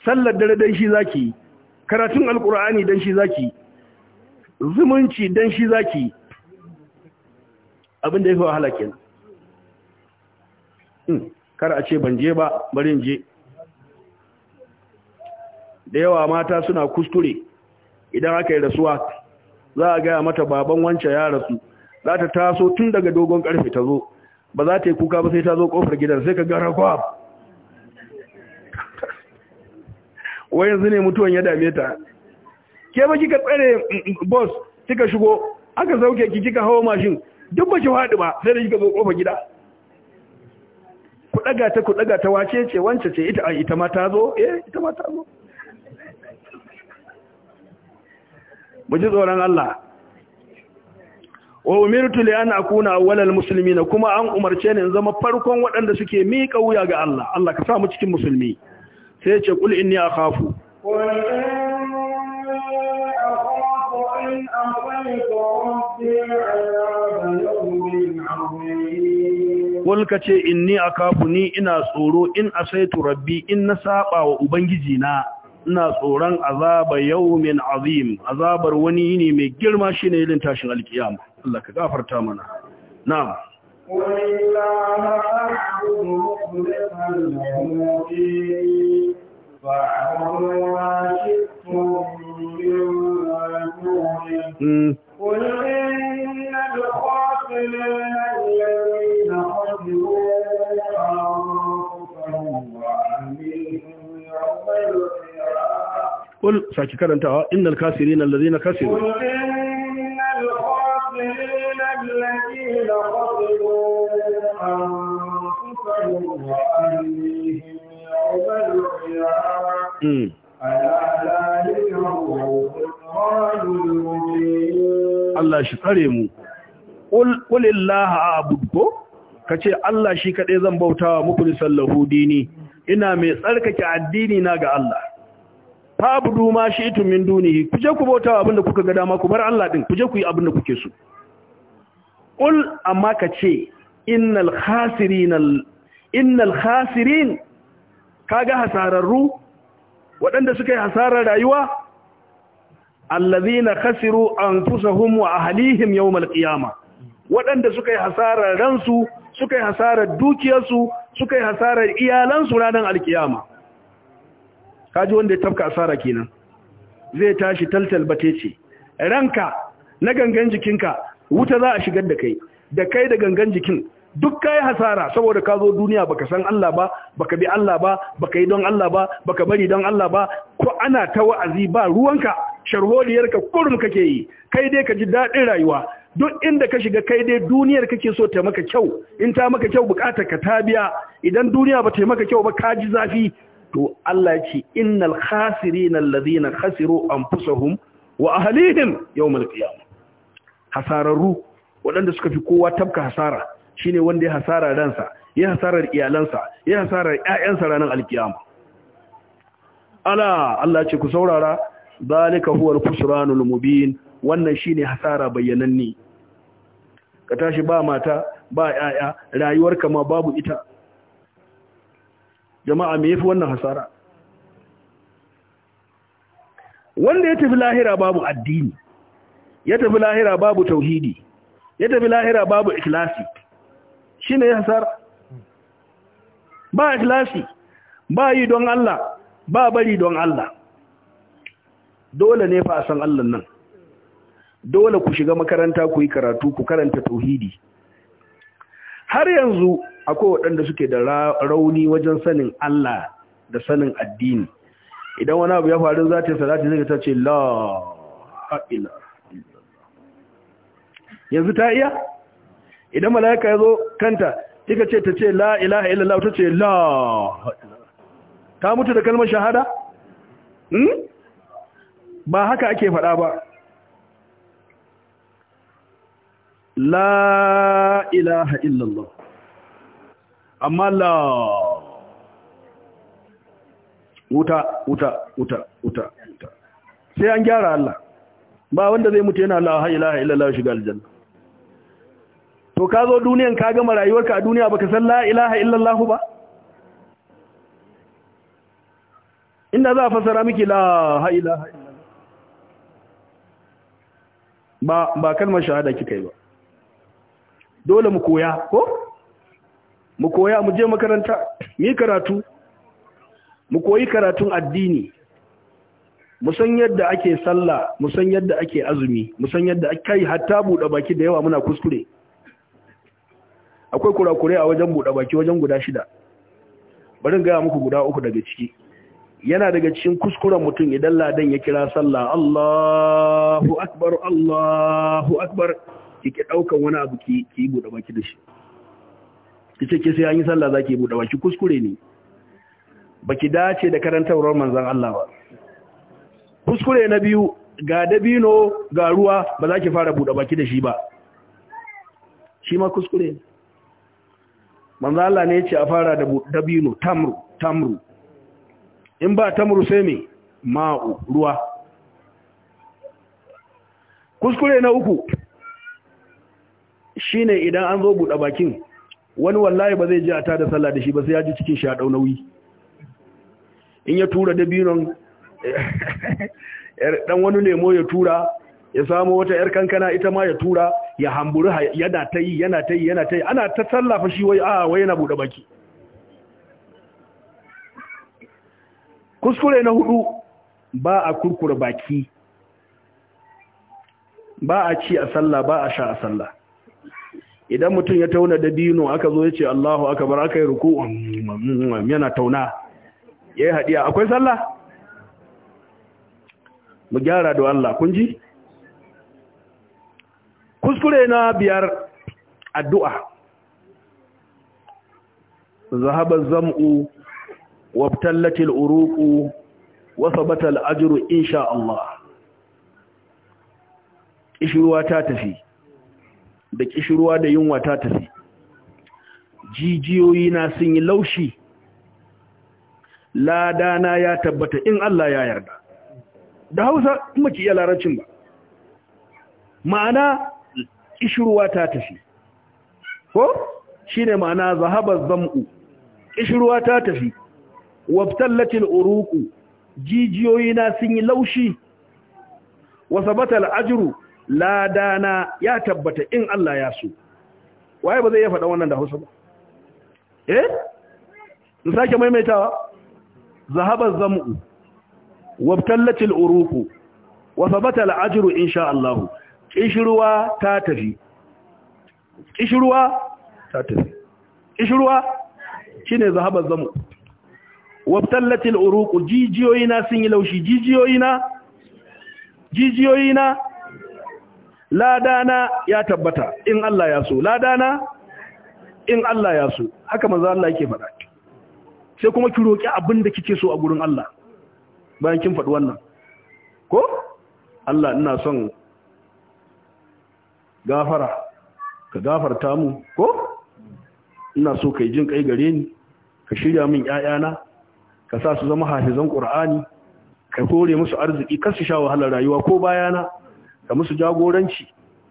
B: sallar dare dan shi zaki karatun alkur'ani dan shi zaki zumunci dan shi zaki abin da yafi wahala kenan hmm, kar a ce ban je ba bari je da yawa mata suna kuskure idan aka yi rasuwa za a gaya mata baban wancan ya rasu za ta taso tun daga dogon karfe ta zo ba za ta yi kuka ba sai ta zo kofar gidan sai ka gara kwa wai yanzu ne mutuwan ya dame ta ke ba kika tsare mm, mm, bus kika shigo aka sauke ki kika hawo mashin duk ba ki haɗu ba sai da kika zo ƙofa gida ku daga ta ku daga ta wace ce wance ce ita ita ma ta zo eh ita ma ta zo mu ji tsoron Allah wa umirtu li an akuna awwalal muslimin kuma an umarce ni in zama farkon waɗanda suke miƙa wuya ga Allah Allah ka sa mu cikin musulmi sai ce kul inni akhafu Kul ka inni akafu ni ina tsoro in asaitu rabbi in na saba wa ubangiji na ina tsoron azaba yawmin azim azabar wani ne mai girma shine yin tashin alkiyama Allah ka gafarta mana na'am قل إن الخاسرين الذين خسروا يوم القيامة قل ساكي كرنتها إن الكاسرين الذين كسروا قل
A: إن الخاسرين الذين قتلوا أنفسهم وأهليهم يوم القيامة
B: Allah shi tsare mu, laha a abudko, ka ce Allah shi kaɗe zan bautawa mukulisan lahudi dini. ina mai tsarkake addini na ga Allah. Fa abu duma shi itumin dunihi, kuje ku bautawa abinda kuka ga dama ku bar Allah ɗin, kuje ku yi abinda kuke so. ƙul amma ka ce innal ka kaga hasararru waɗanda suka yi hasarar rayuwa allazina khasiru anfusahum wa ahlihim yawmal qiyama waɗanda suka yi hasarar ransu suka yi hasarar dukiyarsu suka yi hasarar iyalansu ranar alkiyama kaji wanda ya tafka asara kenan zai tashi taltal bate ce ranka na gangan jikinka wuta za a shigar da kai da kai da gangan jikin duk kai hasara saboda ka zo duniya baka san Allah ba baka bi Allah ba baka yi don Allah ba baka bari don Allah ba ko ana ta wa'azi ba ruwanka sharholiyarka kurum kake yi kai dai ka ji daɗin rayuwa duk inda ka shiga kai dai duniyar kake so ta maka kyau in ta maka kyau bukatar ka ta biya idan duniya ba ta maka kyau ba ka ji zafi to Allah ya ce innal khasirina alladhina khasiru anfusahum wa ahlihim yawm al-qiyamah hasararru waɗanda suka fi kowa tabka hasara shine wanda ya hasara ransa ya hasarar iyalansa ya hasarar 'ya'yansa ranar alkiyama ala Allah ce ku saurara zalika huwar khusranul mubin wannan shine hasara ni. ka tashi ba mata ba ƴaƴa rayuwarka ma babu ita jama'a me yafi wannan hasara wanda ya tafi lahira babu addini ya tafi lahira babu tauhidi ya tafi lahira babu shi ne ya hasar ba ikilasi, ba yi don Allah ba bari don Allah dole ne fa a san Allah nan dole ku shiga makaranta ku yi karatu ku karanta tauhidi har yanzu akwai waɗanda suke da rauni wajen sanin Allah da sanin addini idan wani abu ya faru za ta yi salati zai ta ce la ha'ila yanzu ta iya idan mala'ika ya zo kanta kika ce ta ce la ilaha illallah ta ce la ta mutu da kalmar shahada hmm? ba haka ake faɗa ba la ilaha illallah amma la wuta wuta wuta wuta sai an gyara Allah ba wanda zai mutu yana la ilaha illallah shiga aljanna to ka zo duniyan ka gama rayuwarka a duniya baka san la ilaha illallah ba inda za a fasara miki la ilaha illallah ba ba kalmar shahada kika yi ba dole mu koya ko mu koya mu je makaranta mu yi karatu mu koyi karatun addini mu san yadda ake sallah mu san yadda ake azumi mu san yadda kai hatta buɗe baki da yawa muna kuskure akwai kurakurai a wajen buɗe baki wajen guda shida bari gaya muku guda uku daga ciki yana daga cikin kuskuren mutum idan ladan ya kira sallah Allahu akbar Allahu akbar kike daukan wani abu ki ki bude baki da shi kice ke sai an yi sallah zaki bude baki kuskure ne baki dace da karantawar manzon Allah ba kuskure na biyu ga dabino ga ruwa ba za ki fara buɗe baki da shi ba shi ma kuskure ne manzo Allah ne yace a fara da dabino tamru tamru in ba tamru sai me ma'u ruwa kuskure na uku shine idan an zo buɗe bakin wani wallahi ba zai ji a ta da sallah da shi ba sai ya ji cikin shi a ɗau in ya tura dabinon dan wani lemo ya tura ya samu wata yar kankana ita ma ya tura ya hamburi yana ta yi yana ta yi yana ta yi ana ta tallafa shi wai a ah, wai yana buɗe baki kuskure na hudu ba a kurkura baki ba a ci a sallah ba a sha a sallah idan mutum ya tauna da dino aka zo ya ce Allahu aka bar aka yi ruku yana tauna ya yi haɗiya, akwai sallah mu gyara da Allah kun ji kuskure na biyar addu'a zahaba zam'u wabtallatil uruku wasa batal ajiru insha Allah ƙishirwa ta tafi da ƙishirwa da yunwa ta tafi jijiyoyi na sun yi laushi ladana ya tabbata in Allah ya yarda da hausa kuma ki iya larancin ba ma'ana kishirwa ta tafi ko shine ma'ana zahaba zam'u kishirwa ta tafi wabtallatil uruqu jijiyoyi na sun yi laushi wa sabatal ajru ladana ya tabbata in Allah ya so waye ba zai ya faɗa wannan da Hausa ba eh in sake maimaitawa zahaba zam'u wabtallatil uruqu wa sabatal ajru insha Allah ƙishirwa ta tafi ƙishirwa ta tafi ƙishirwa shi ne zahabar zamu wabtallatil uruku jijiyoyina sun yi laushi jijiyoyina jijiyoyina ladana ya tabbata in Allah ya so ladana in Allah ya so haka manzo Allah yake faɗa sai kuma ki roki abin da kike so a gurin Allah bayan kin faɗi wannan ko Allah ina son gafara ka gafarta mu ko ina so kai jin kai gare ni ka shirya min ƴaƴana ka sa su zama hafizan Qur'ani ka kore musu arziki kar su sha wahalar rayuwa ko bayana ka musu jagoranci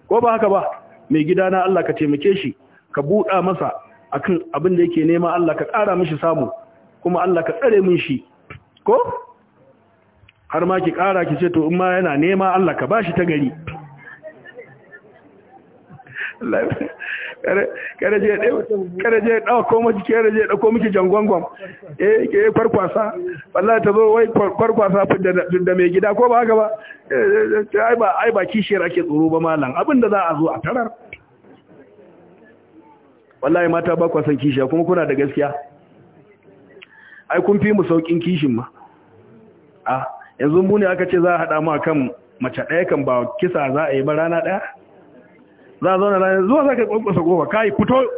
B: ko ba haka ba mai na Allah ka taimake shi ka buɗa masa akan abin da yake nema Allah ka ƙara mishi samu kuma Allah ka tsare min shi ko har ma ki ƙara ki ce to in ma yana nema Allah ka bashi ta gari kada je ɗauko ko miki kada je ɗauko miki jangongon eh ke kwarkwasa wallahi ta zo wai kwarkwasa da mai gida ko ba haka ba eh, eh, eh, ai ba ai ba kishiyar ake tsoro ba malam abinda za a zo a tarar wallahi mata ba kwasan kishiya kuma kuna da gaskiya ai kun fi mu saukin kishin ma a ah, yanzu mu ne aka ce za a haɗa mu akan mace ɗaya kan ba kisa za a yi ba rana ɗaya za a zauna ranar zuwa za ka ƙwanƙwasa goma ka yi fito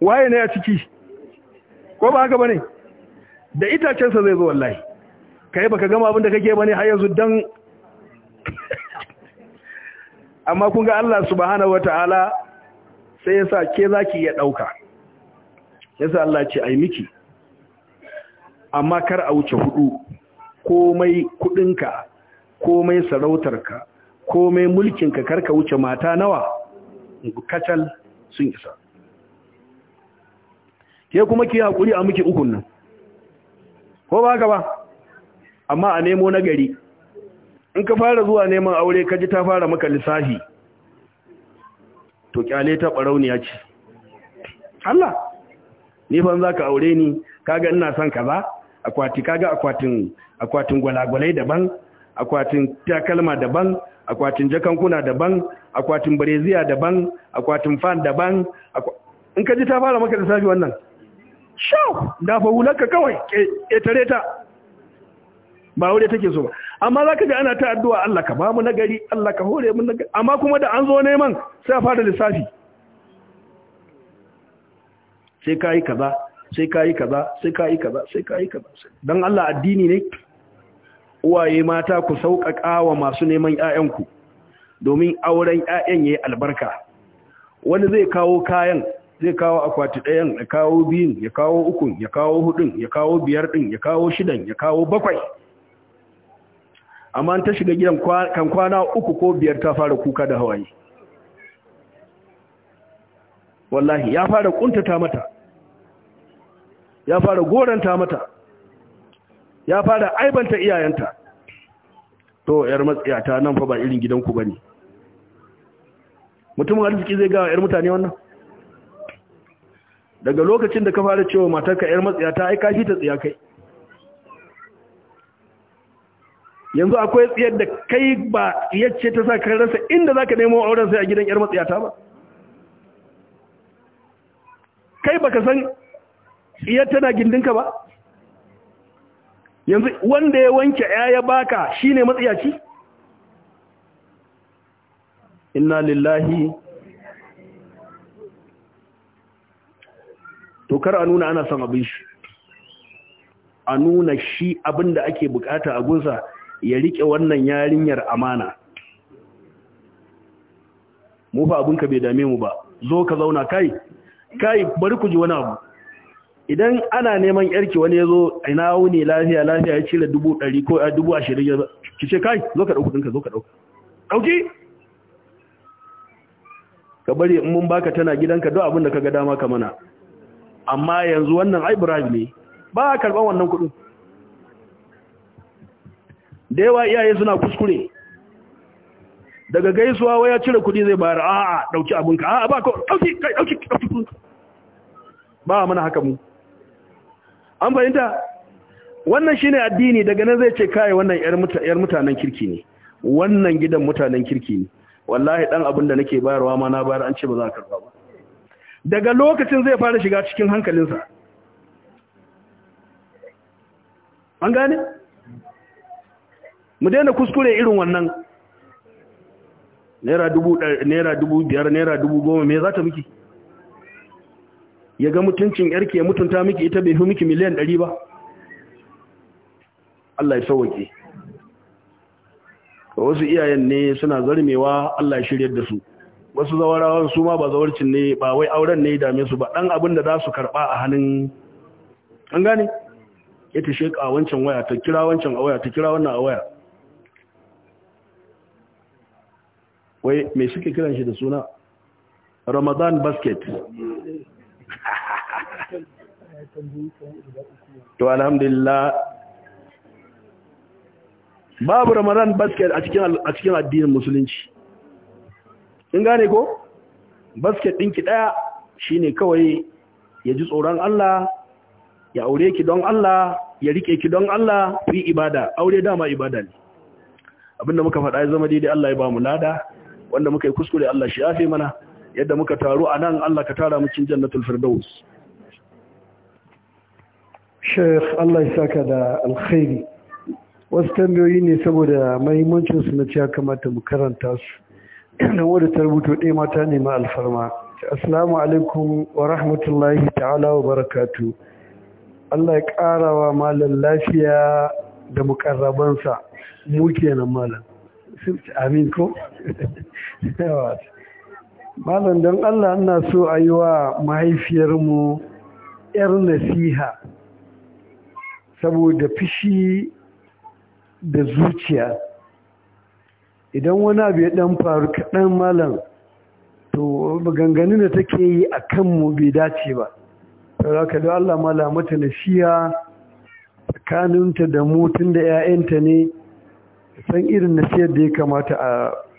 B: waye ne a ciki ko ba haka ba ne da itacensa zai zo wallahi ka yi ba ka gama abin da kake ba ne har yanzu don amma kun ga Allah subhanahu wata'ala sai ya sa ke za ki iya ɗauka ya sa Allah ce ai miki amma kar a wuce hudu komai kudinka komai sarautarka komai mulkinka karka wuce mata nawa kacal sun isa ke kuma ke hakuri a muke ukun nan ko ba ka ba, amma a nemo na gari in ka fara zuwa neman aure ka ji ta fara maka lissafi to kyale ta barauniya ce Allah ni ban za ka aure ni kaga ina son kaza akwati kaga akwatin akwatin gwalagwalai daban akwatin takalma daban akwatin jakankuna daban akwatin bareziya daban akwatin fan daban in ka ji ta fara maka lissafi wannan shau dafa hularka kawai ƙetare ta ba wuri take so ba amma za ka ji ana ta addu'a Allah ka ba mu nagari Allah ka hore mu nagari amma kuma da an zo neman sai a fara lissafi sai ka yi kaza sai ka yi kaza sai ka yi kaza sai ka yi kaza don Allah addini ne uwaye mata ku sauƙaƙa wa masu neman ‘ya'yanku domin auren ‘ya'yan ya yi albarka wani zai kawo kayan zai kawo akwati ɗayan ya kawo biyun ya kawo ukun ya kawo hudun ya kawo biyar ɗin ya kawo shidan ya kawo bakwai amma ta shiga gidan kan kwana uku ko biyar ta fara kuka da hawaye wallahi ya fara kuntata mata ya fara goranta mata ya fara aibanta iyayenta to yar matsiyata nan fa ba irin gidanku bane mutumin arziki zai ga yar mutane wannan daga lokacin da ka fara cewa matarka yar ta ai kashi ta tsiya kai yanzu akwai tsiyar da kai ba yacce ta sa kan rasa inda zaka nemo auren sai a gidan yar matsiyata ba kai baka san iya tana gindinka ba yanzu wanda ya wanke ya baka shine matsiyaci inna lillahi to kar a nuna ana son abin shi a nuna shi abin da ake bukata a gunsa ya rike wannan yarinyar amana mu abinka bai dame mu ba zo ka zauna kai kai bari ku ji wani abu idan ana neman yarki wani ya zo ina wuni lafiya lafiya ya cire dubu ɗari ko dubu ashirin ya ki ce kai zo ka ɗauka ɗinka zo ka ɗauka ɗauki ka bari in mun baka tana gidanka duk abin da ka ga dama ka mana amma yanzu wannan ai ne ba a karɓar wannan kuɗin da yawa iyaye suna kuskure daga gaisuwa waya cire kuɗi zai bayar a'a ɗauki abinka a'a ba ka ɗauki ɗauki ɗauki ba mana haka mu an fahimta wannan shine addini daga nan zai ce kai wannan yar mutanen kirki ne wannan gidan mutanen kirki ne wallahi dan abin da nake bayarwa ma na bayar an ce ba za ka karba ba daga lokacin zai fara shiga cikin hankalinsa an gane mu daina kuskure irin wannan naira dubu biyar naira dubu goma me za ta miki ya ga mutuncin yarki ya mutunta miki ita bai fi miki miliyan ɗari ba Allah ya sauwake wasu iyayen ne suna zarmewa Allah ya shiryar da su wasu zawarawan su ma ba zawarcin ne ba wai auren ne dame su ba dan abin da za su karba a hannun an gane ya ta sheka wancan waya ta kira wancan a waya ta kira wannan a waya wai mai suke kiran shi da suna ramadan basket to alhamdulillah babu ramadan basket a cikin addinin musulunci kin gane ko basket ɗinki ɗaya shi ne kawai ya ji tsoron Allah ya aure ki don Allah ya rike ki don Allah ku ibada aure dama ibada ne abinda muka faɗa ya zama daidai Allah ya ba mu lada wanda muka yi kuskure Allah shi fi mana yadda muka taru a nan Allah ka tara mucin jannatul
C: firdaus Sheikh Allah ya saka da alkhairi wasu tambayoyi ne saboda mahimmancinsu na cewa kamata mu karanta su nan wadda ta rubuta ɗaya mata ne ma alfarma assalamu alaikum wa rahmatullahi ta'ala wa barakatu Allah ya ƙarawa malam lafiya da muƙarrabansa mu kenan malam amin ko malam don allah ina so a yi wa mahaifiyarmu 'yar nasiha saboda fishi da zuciya idan wani abu ya dan faru kaɗan malam to maganganun da take yi a kanmu bai dace ba sauraka da allah malamata nasiha tsakaninta da mutun da 'ya'yanta ne san irin nasiyar da ya kamata a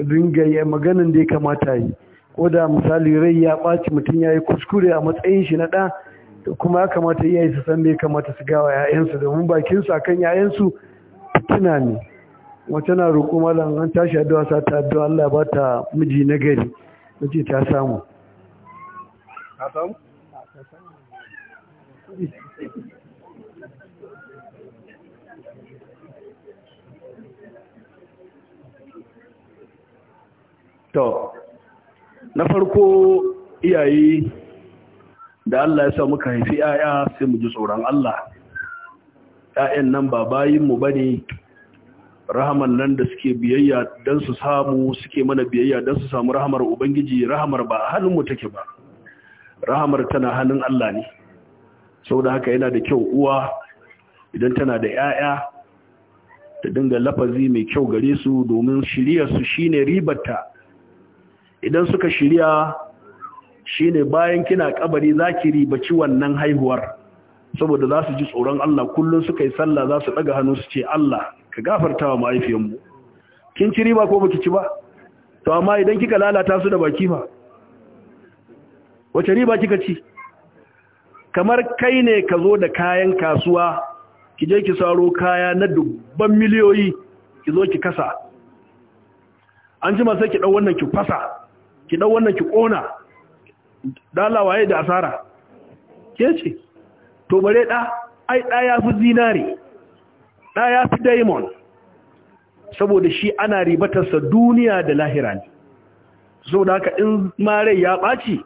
C: ringaye maganin da ya kamata yi ko da misali rai ya ɓaci mutum ya yi kuskure a matsayin shi na ɗa da kuma ya kamata iyaye su san me kamata su gawa ‘ya'yansu domin bakinsu a kan ‘ya'yansu fitina ne wata na roƙo malam an tashi addu'a sa ta addu'a Allah ba ta miji na gari ta samu
B: to na farko iyaye da Allah ya sa muka haifi 'ya'ya sai mu ji tsoron Allah ‘ya'yan nan ba bayinmu ba ne rahaman nan da suke biyayya don su samu suke mana biyayya don su samu rahamar ubangiji rahamar ba hannunmu take ba rahamar tana hannun Allah ne saboda haka yana da kyau uwa idan tana da ‘ya'ya ta dinga lafazi mai kyau gare su domin su shine ribarta idan suka shirya shi ne bayan kina kabari zaki ribaci wannan haihuwar saboda za su ji tsoron Allah kullum suka yi sallah za su daga hannu su ce Allah ka gafarta wa mahaifiyanmu kin ci riba ko baki ci ba to amma idan kika lalata su da baki ba wace riba kika ci kamar kai ne ka zo da kayan kasuwa ki je ki saro kaya na dubban miliyoyi ki zo ki kasa an jima sai ki dau wannan ki fasa ki dau wannan ki kona dala waye da asara ke ce to bare da ai da ya fi zinare da ya fi diamond saboda shi ana ribatarsa duniya da lahira ne saboda haka in rai ya ɓaci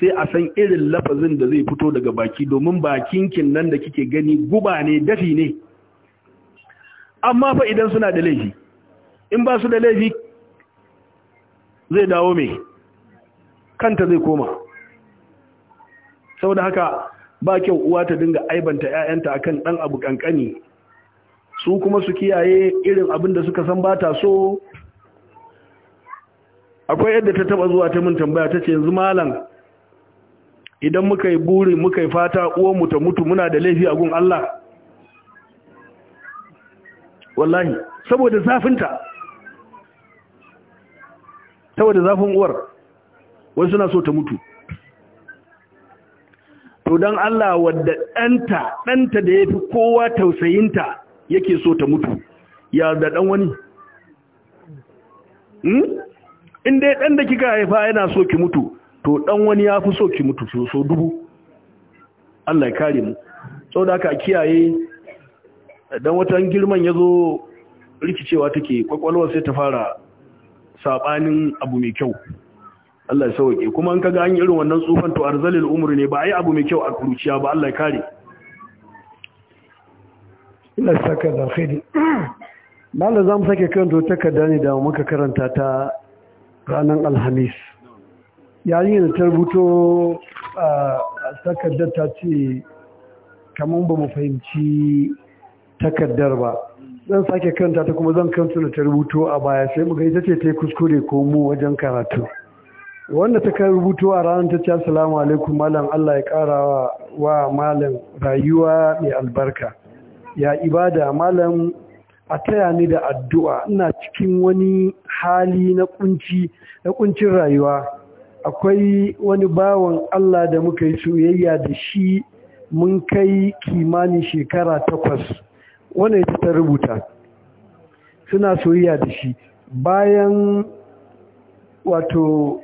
B: sai a san irin lafazin da zai fito daga baki domin bakin bakinkin nan da kike gani guba ne dafi ne amma fa idan suna da laifi in ba su da laifi zai dawo mai kanta zai koma saboda haka ba kyau uwa ta dinga aibanta 'ya'yanta a kan ɗan abu ƙanƙani su kuma su kiyaye irin abin da suka san ba ta so akwai yadda ta taba zuwa ta min tambaya ta ce yanzu malam idan muka yi buri muka yi fata uwanmu ta mutu muna da laifi a gun Allah wallahi saboda zafinta saboda zafin uwar wani suna so ta mutu to don Allah wadda ɗanta ɗanta da ya fi kowa tausayinta yake so ta mutu ya da ɗan wani hmm? in dai ɗan da kika haifa yana so ki mutu to ɗan wani ya fi so ki mutu so dubu Allah ya kare mu sau da aka kiyaye don watan girman ya zo rikicewa take kwakwalwa sai ta fara sabanin abu mai kyau Allah ya sauke kuma an kaga an yi irin wannan tsufan to arzalil umri ne ba ai abu mai kyau a kuruciya ba Allah ya kare
C: ina saka da khidi mala zan sake to takarda ne da muka karanta ta ranar alhamis yayi ne ta rubuto a takardar ta ce kaman ba mu fahimci takardar ba zan sake kanta ta kuma zan kanta da ta rubuto a baya sai mu ga ita ce ta yi kuskure ko mu wajen karatu wanda ta kai rubuto a ranar ta ce assalamu alaikum malam Allah ya kara wa malam rayuwa mai albarka ya ibada malam a taya ni da addu'a ina cikin wani hali na kunci na kuncin rayuwa akwai wani bawan Allah da muka yi soyayya da shi mun kai kimanin shekara takwas wannan ita ta rubuta suna soyayya da shi bayan wato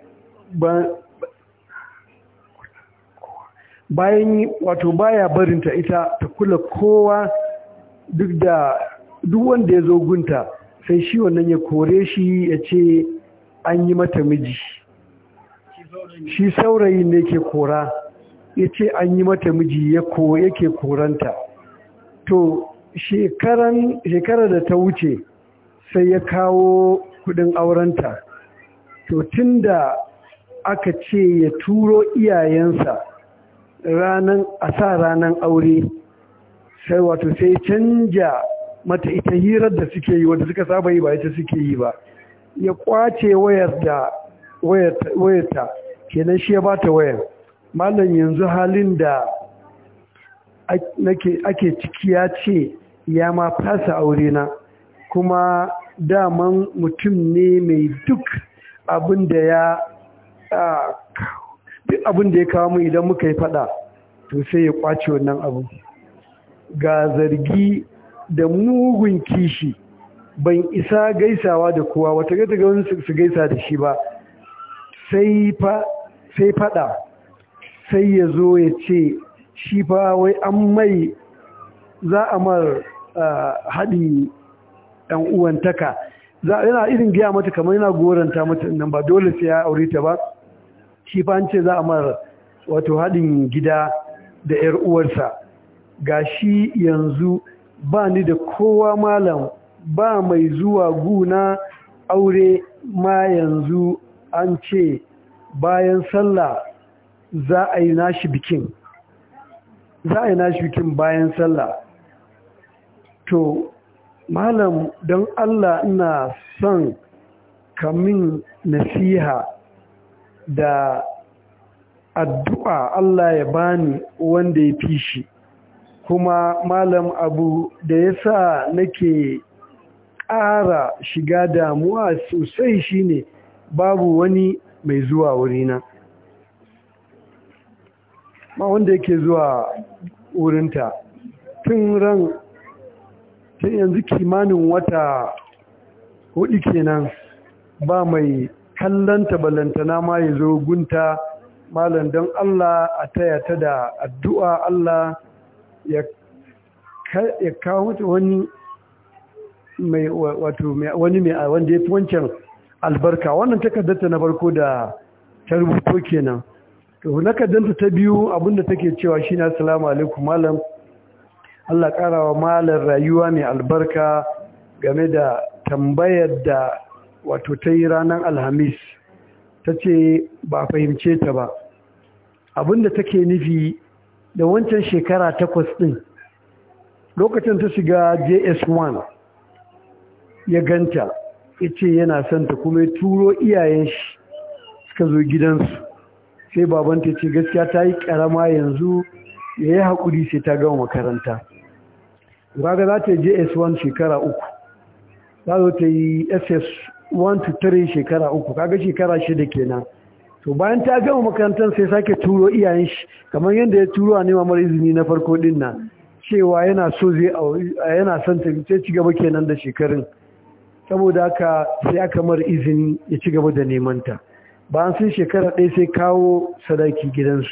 C: bayan wato baya barinta ita ta kula kowa duk da duk wanda ya zo gunta sai shi wannan ya kore shi ya ce an yi mata miji shi saurayi ne ke kora ya ce an yi mata miji yake koranta to shekarar da ta wuce sai ya kawo kudin aurenta to tunda aka ce ya turo iyayensa ranan a sa ranan aure sai wato sai canja mata ita hirar da suke yi wadda suka saba yi ba ita suke yi ba ya kwace wayar da wayarta kenan shi ya bata wayar malam yanzu halin da ake ciki ya ce ya ma fasa aure na kuma daman mutum ne mai duk abin da ya kawo mu idan muka yi fada to sai ya kwace wannan abu ga zargi da mugun kishi ban isa gaisawa da kowa wata ga wani su gaisa da shi ba sai fada sai ya zo ya ce shi fa wai an mai za a mar haɗin ɗan uwantaka yana irin gaya mata kamar yana goranta mata nan ba dole sai ya aure ta ba shi fa an ce za a mar wato haɗin gida da 'yar uwarsa ga shi yanzu ba ni da kowa malam ba mai zuwa guna aure ma yanzu an ce bayan sallah za a yi nashi bikin za a yi nashikin bayan sallah to malam don allah ina son kamin nasiha da addu'a allah ya bani wanda ya fi shi kuma malam abu da ya sa nake ƙara shiga damuwa sosai shine babu wani mai zuwa wurina ma wanda yake zuwa wurinta tun ran tun yanzu kimanin wata hudu kenan ba mai kallanta balantana ma ya zo gunta malam don Allah a taya ta da addu'a Allah ya kawo mata wani mai wato wani mai wanda ya fi albarka wannan takardata na farko da ta rubuto kenan to kadanta ta biyu abinda take cewa shine assalamu alaikum malam Allah karawa malam rayuwa mai albarka game da tambayar da wato ta yi ranar alhamis ta ce ba fahimce ta ba abinda take nufi da wancan shekara takwas ɗin lokacin ta shiga js1 ya ganta ya ce yana son ta kuma ya turo iyayen shi suka zo gidansu sai babanta ce gaskiya ta yi karama yanzu ya yi haƙuri sai ta gama makaranta gaga za ta yi js1 shekara uku za ta yi ss1 to 3 shekara uku kaga shekara shida kenan to bayan ta gama makarantar sai sake turo iyayen shi kamar yadda ya turo a nema mara izini na farko din cewa yana so zai yana son ta sai ci gaba kenan da shekarun saboda haka sai aka mara izini ya ci gaba da neman ba an sun shekara ɗaya sai kawo sadaki gidansu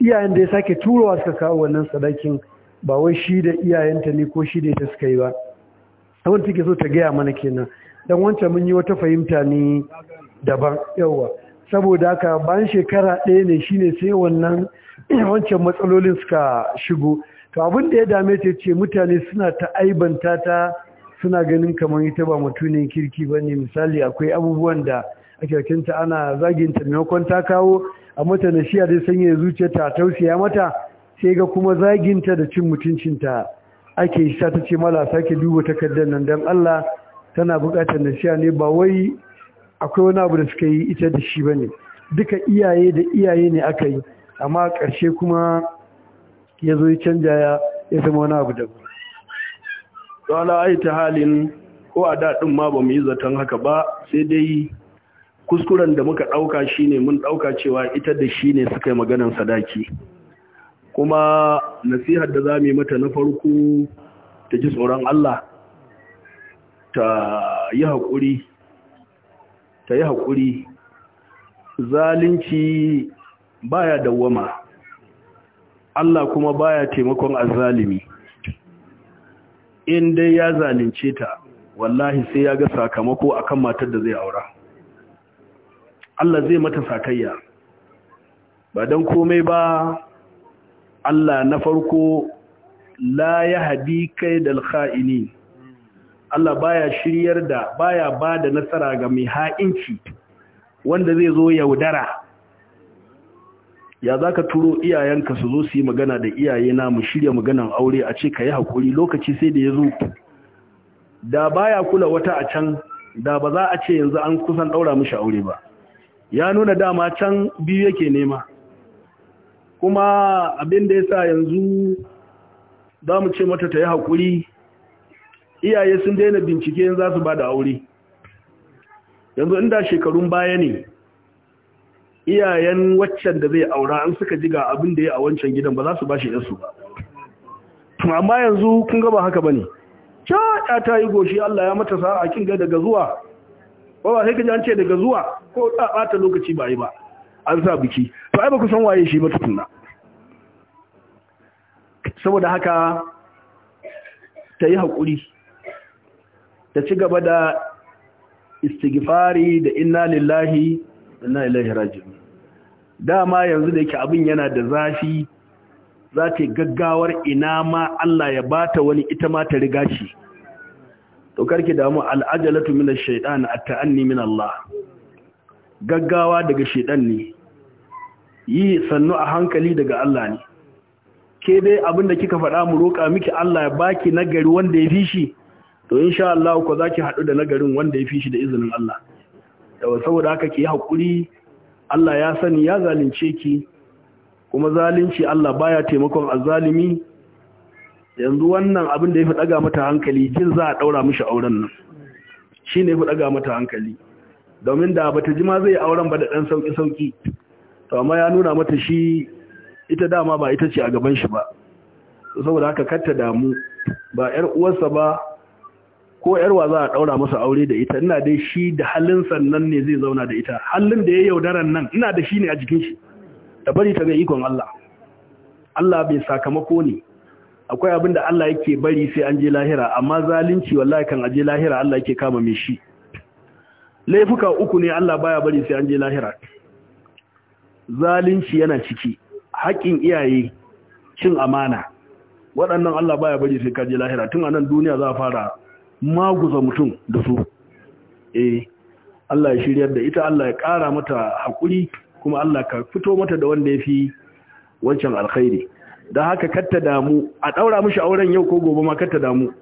C: iyayen da ya sake turowa suka kawo wannan sadakin ba wai shi da iyayenta ne ko shi da ita suka yi ba abin take so ta gaya mana kenan dan wancan mun yi wata fahimta ne daban yawa saboda haka bayan shekara ɗaya ne shine sai wannan wancan matsalolin suka shigo to abin da ya dame ta ce mutane suna ta aibanta ta suna ganin kamar ita ba mutumin kirki ba ne misali akwai abubuwan da kyautinta ana zaginta maimakon ta kawo a mata na shiya dai sanya zuciyarta ta tausaya mata sai ga kuma zaginta da cin mutuncinta ake yi ta ce mala sake duba takardar nan Dan Allah tana buƙatar na ne ba wai akwai wani abu da suka yi ita da shi ba ne duka iyaye da iyaye ne aka yi amma ƙarshe kuma ya zo ya canja ya zama wani abu daban.
B: Tsala ta halin ko a daɗin ma ba mu yi zaton haka ba sai dai kuskuren da muka ɗauka shine mun ɗauka cewa ita da shi ne suka yi maganan sadaki kuma nasihar da za mu yi mata na farko ta ji tsoron Allah ta yi haƙuri ta yi haƙuri zalunci baya dawwama Allah kuma ba ya taimakon azalimi. in dai ya zalunce ta wallahi sai ya ga sakamako akan matar da zai aura Allah zai mata sakayya ba don komai ba Allah na farko la ya haɗi kai da alkha'ini Allah baya shiryar da baya ba da nasara ga mai ha'inci wanda zai zo yaudara ya za ka turo iyayenka su zo su yi magana da iyaye na mu shirya maganan aure a ce ka yi haƙuri lokaci sai da ya zo da baya kula wata a can da ba za a ce yanzu an kusan ɗaura mashi aure ba ya nuna dama can biyu yake nema kuma abin da ya sa yanzu za mu ce mata ta yi haƙuri iyaye sun daina bincike za su ba da aure yanzu inda shekarun baya ne iyayen waccan da zai aura an suka ji ga abin da ya a wancan gidan ba za su ba shi yasu ba amma yanzu kun gaba haka ba ne ca ta yi goshi Allah ya mata sa'a kin ga daga zuwa ba ba sai ka ji an ce daga zuwa ko ta bata lokaci ba yi ba an sa biki to ai ba ku san waye shi ba tukunna saboda haka ta yi haƙuri ta ci gaba da istighfari da inna lillahi inna ilaihi da dama yanzu da yake abin yana da zafi za ta gaggawar ina ma Allah ya bata wani ita ma ta riga shi to karki damu al'ajalatu min ash-shaytan at-ta'anni min Allah gaggawa daga shaytan ne yi sannu a hankali daga Allah ne ke dai abin da kika faɗa mu roƙa miki Allah ya baki nagari wanda ya fi shi to insha Allah ko zaki haɗu da nagarin wanda ya fi shi da izinin Allah saboda haka ki hakuri Allah ya sani ya zalunce ki kuma zalunci Allah baya taimakon azzalimi yanzu wannan abin da ya fi ɗaga mata hankali jin za a ɗaura mishi auren nan shi ne ya fi ɗaga mata hankali domin da bata ji ma zai auren ba da ɗan sauƙi-sauƙi to amma ya nuna mata shi ita dama ba ita ce a gaban shi ba saboda haka katta damu ba 'yar uwarsa ba ko wa za a ɗaura masa aure da ita ina dai shi da halin sannan ne zai zauna da ita halin da ya yaudaran nan ina da shi ne a jikin shi da bari ta ga ikon Allah Allah bai sakamako ne akwai abin da Allah yake bari sai an je lahira amma zalunci wallahi kan aje lahira Allah yake kama mai shi laifuka uku ne Allah baya bari sai an je lahira zalunci yana ciki haƙin iyaye cin amana waɗannan Allah baya bari sai ka je lahira tun anan duniya za a fara maguza mutum da su eh Allah ya shiryar da ita Allah ya ƙara mata hakuri, kuma Allah ka fito mata da wanda ya fi wancan alkhairi da haka katta damu a ɗaura mishi auren yau ko gobe ma katta damu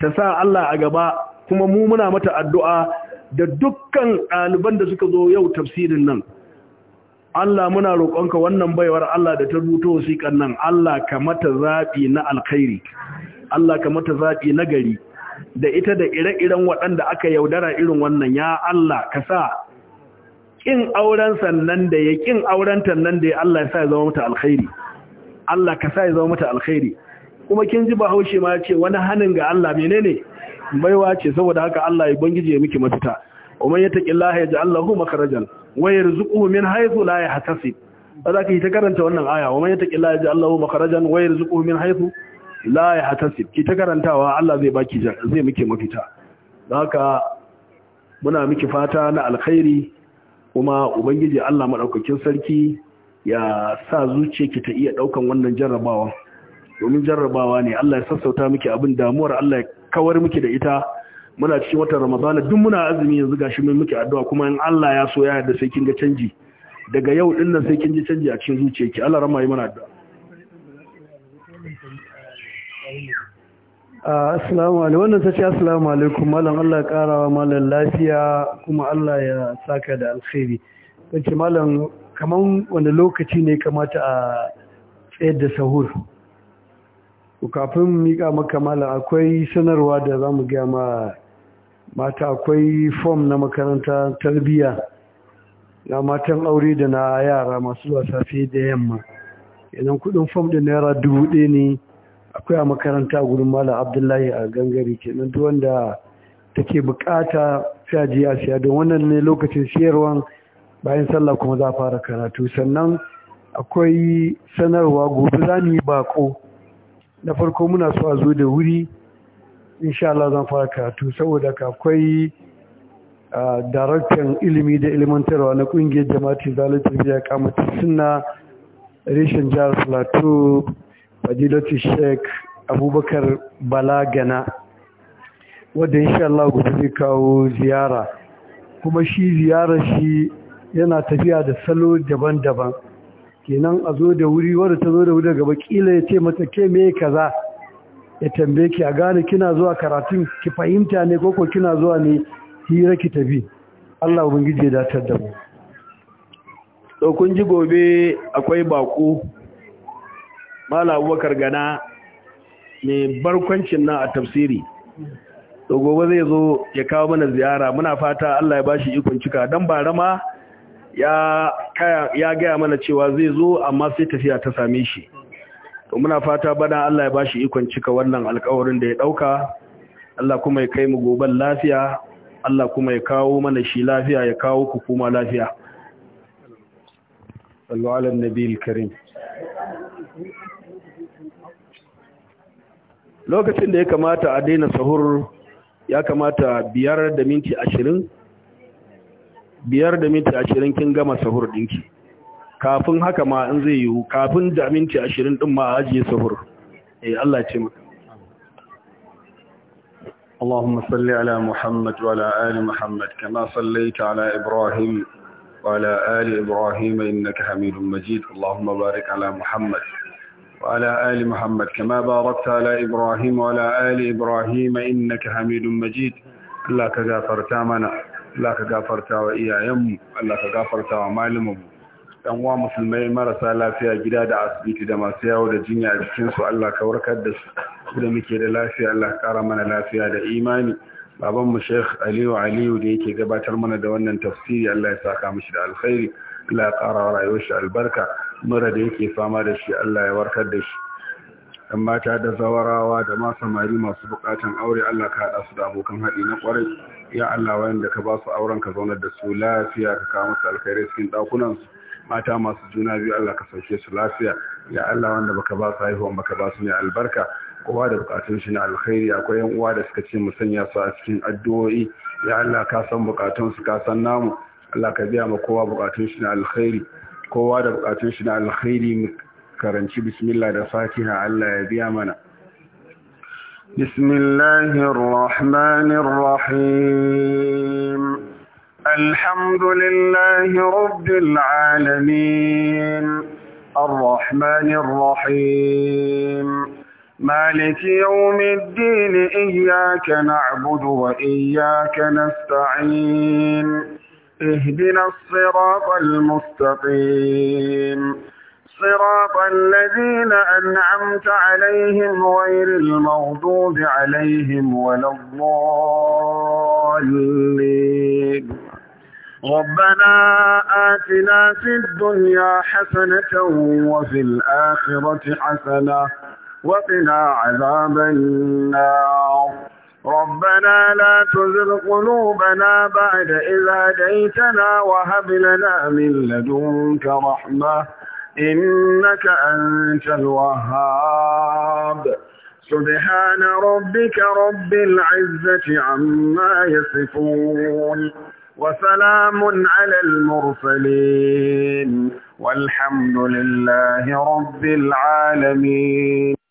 B: ta sa Allah a gaba kuma mu muna mata addu'a da dukkan ɗaliban da suka zo yau tafsirin nan Allah muna roƙonka wannan baiwar Allah da ta rubuto wasiƙan nan Allah ka mata zaɓi na alkhairi Allah ka mata zaɓi na gari da ita da ire-iren waɗanda aka yaudara irin wannan ya Allah ka sa ƙin auren sannan da ya ƙin auren tannan da ya Allah ya sa ya zama mata alkhairi Allah ka sa ya zama mata alkhairi kuma kin ji bahaushe ma ce wani hanin ga Allah menene baiwa ce saboda haka Allah ya bangije miki mafita umman yattaqillaha yaj'al lahu makharajan wa yarzuquhu min haythu la yahtasib zaka yi ta karanta wannan aya umman yattaqillaha yaj'al lahu makharajan wa yarzuquhu min haythu la yahtasib ki ta karantawa Allah zai baki zai miki mafita haka muna miki fata na alkhairi kuma ubangiji Allah madaukakin sarki ya sa zuciyarki ta iya daukan wannan jarrabawa domin jarrabawa ne Allah ya sassauta miki abin damuwar Allah ya kawar miki da ita muna cikin watan Ramadana duk muna azumi yanzu gashi mun miki addu'a kuma in Allah ya so ya yarda sai kin ga canji daga yau din nan sai kin ji canji a cikin zuciyarki Allah rama yi mana addu'a
C: Assalamu alaikum wannan sace assalamu alaikum malam Allah karawa malam lafiya kuma Allah ya saka da alkhairi kace malam kamar wani lokaci ne kamata a tsayar da sahur kafin miƙa maka malam akwai sanarwa da za mu gama mata akwai fom na makaranta tarbiyya na matan aure da na yara masu wasa fiye da yamma idan kudin fom da naira dubu ɗaya ne akwai a makaranta a gurin malam abdullahi a gangare kenan duk wanda take bukata sai a jiya a siya don wannan ne lokacin siyarwan bayan sallah kuma za fara karatu sannan akwai sanarwa gobe za mu yi bako na farko muna so a zo da wuri insha Allah zan fara karatu saboda ka akwai daraktan ilimi da ilimantarwa na kungiyar jama'ati zalatul biya kamata sunna reshen jihar plateau fadilatu sheik abubakar balagana wadda insha Allah gobe zai kawo ziyara kuma shi ziyara shi yana tafiya da salo daban-daban kenan a zo da wuri wadda ta zo da wuri daga bakila ya ce mata ke me kaza ya tambaye ki a gane kina zuwa karatun ki fahimta ne koko kina zuwa ne hira ki tafi Allah ubangiji ya datar da mu
B: to kun ji gobe akwai bako mala abubakar gana mai barkwancin nan a tafsiri to gobe zai zo ya kawo mana ziyara muna fata Allah ya bashi ikon cika dan barama ya gaya mana cewa zai zo amma sai tafiya ta same shi muna fata bana Allah ya bashi ikon cika wannan alkawarin da ya ɗauka. Allah kuma ya kai mu goban lafiya Allah kuma ya kawo mana shi lafiya ya kawo ku
D: kuma lafiya sallu ala karim lokacin da ya kamata a daina
B: sahur ya kamata biyar da minti ashirin biyar da minti ashirin kin gama sahur dinki kafin haka ma in zai yiwu kafin da minti
D: ashirin din ma ajiye sahur eh Allah ce maka اللهم صل على محمد وعلى آل محمد كما صليت على إبراهيم وعلى آل إبراهيم إنك حميد مجيد اللهم بارك على محمد وعلى آل محمد كما باركت على إبراهيم وعلى آل إبراهيم إنك حميد مجيد الله كذا فرتامنا Allah ka gafarta wa iyayenmu Allah ka gafarta wa malumanmu ɗan uwa musulmai marasa lafiya gida da asibiti da masu yawo da jinya a jikinsu Allah ka warkar da su da muke da lafiya Allah ka ƙara mana lafiya da imani Babanmu mu Sheikh Aliyu Aliyu da yake gabatar mana da wannan tafsiri Allah ya saka mishi da alkhairi Allah ya ƙara wa rayuwar shi albarka mura da yake fama da shi Allah ya warkar da shi 'yan mata da zawarawa da ma samari masu bukatan aure Allah ka haɗa su da abokan haɗi na ƙwarai ya Allah wayanda ka ba su auren ka zaunar da su lafiya ka kawo musu alkhairai cikin ɗakunan su mata masu juna biyu Allah ka sauke su lafiya ya Allah wanda baka ba su haihuwa baka ba su ne albarka kowa da bukatun shi na alkhairi akwai yan uwa da suka ce mu sanya su a cikin addu'o'i ya Allah ka san bukatun su ka san namu Allah ka biya ma kowa bukatun shi na alkhairi kowa da bukatun shi na alkhairi karanci bismillah da fatiha Allah ya biya بسم الله
A: الرحمن الرحيم الحمد لله رب العالمين الرحمن الرحيم مالك يوم الدين إياك نعبد وإياك نستعين اهدنا الصراط المستقيم صراط الذين أنعمت عليهم غير المغضوب عليهم ولا الضالين ربنا آتنا في الدنيا حسنة وفي الآخرة حسنة وقنا عذاب النار ربنا لا تزغ قلوبنا بعد إذ هديتنا وهب لنا من لدنك رحمة إنك أنت الوهاب سبحان ربك رب
D: العزة عما يصفون وسلام على المرسلين والحمد لله رب
A: العالمين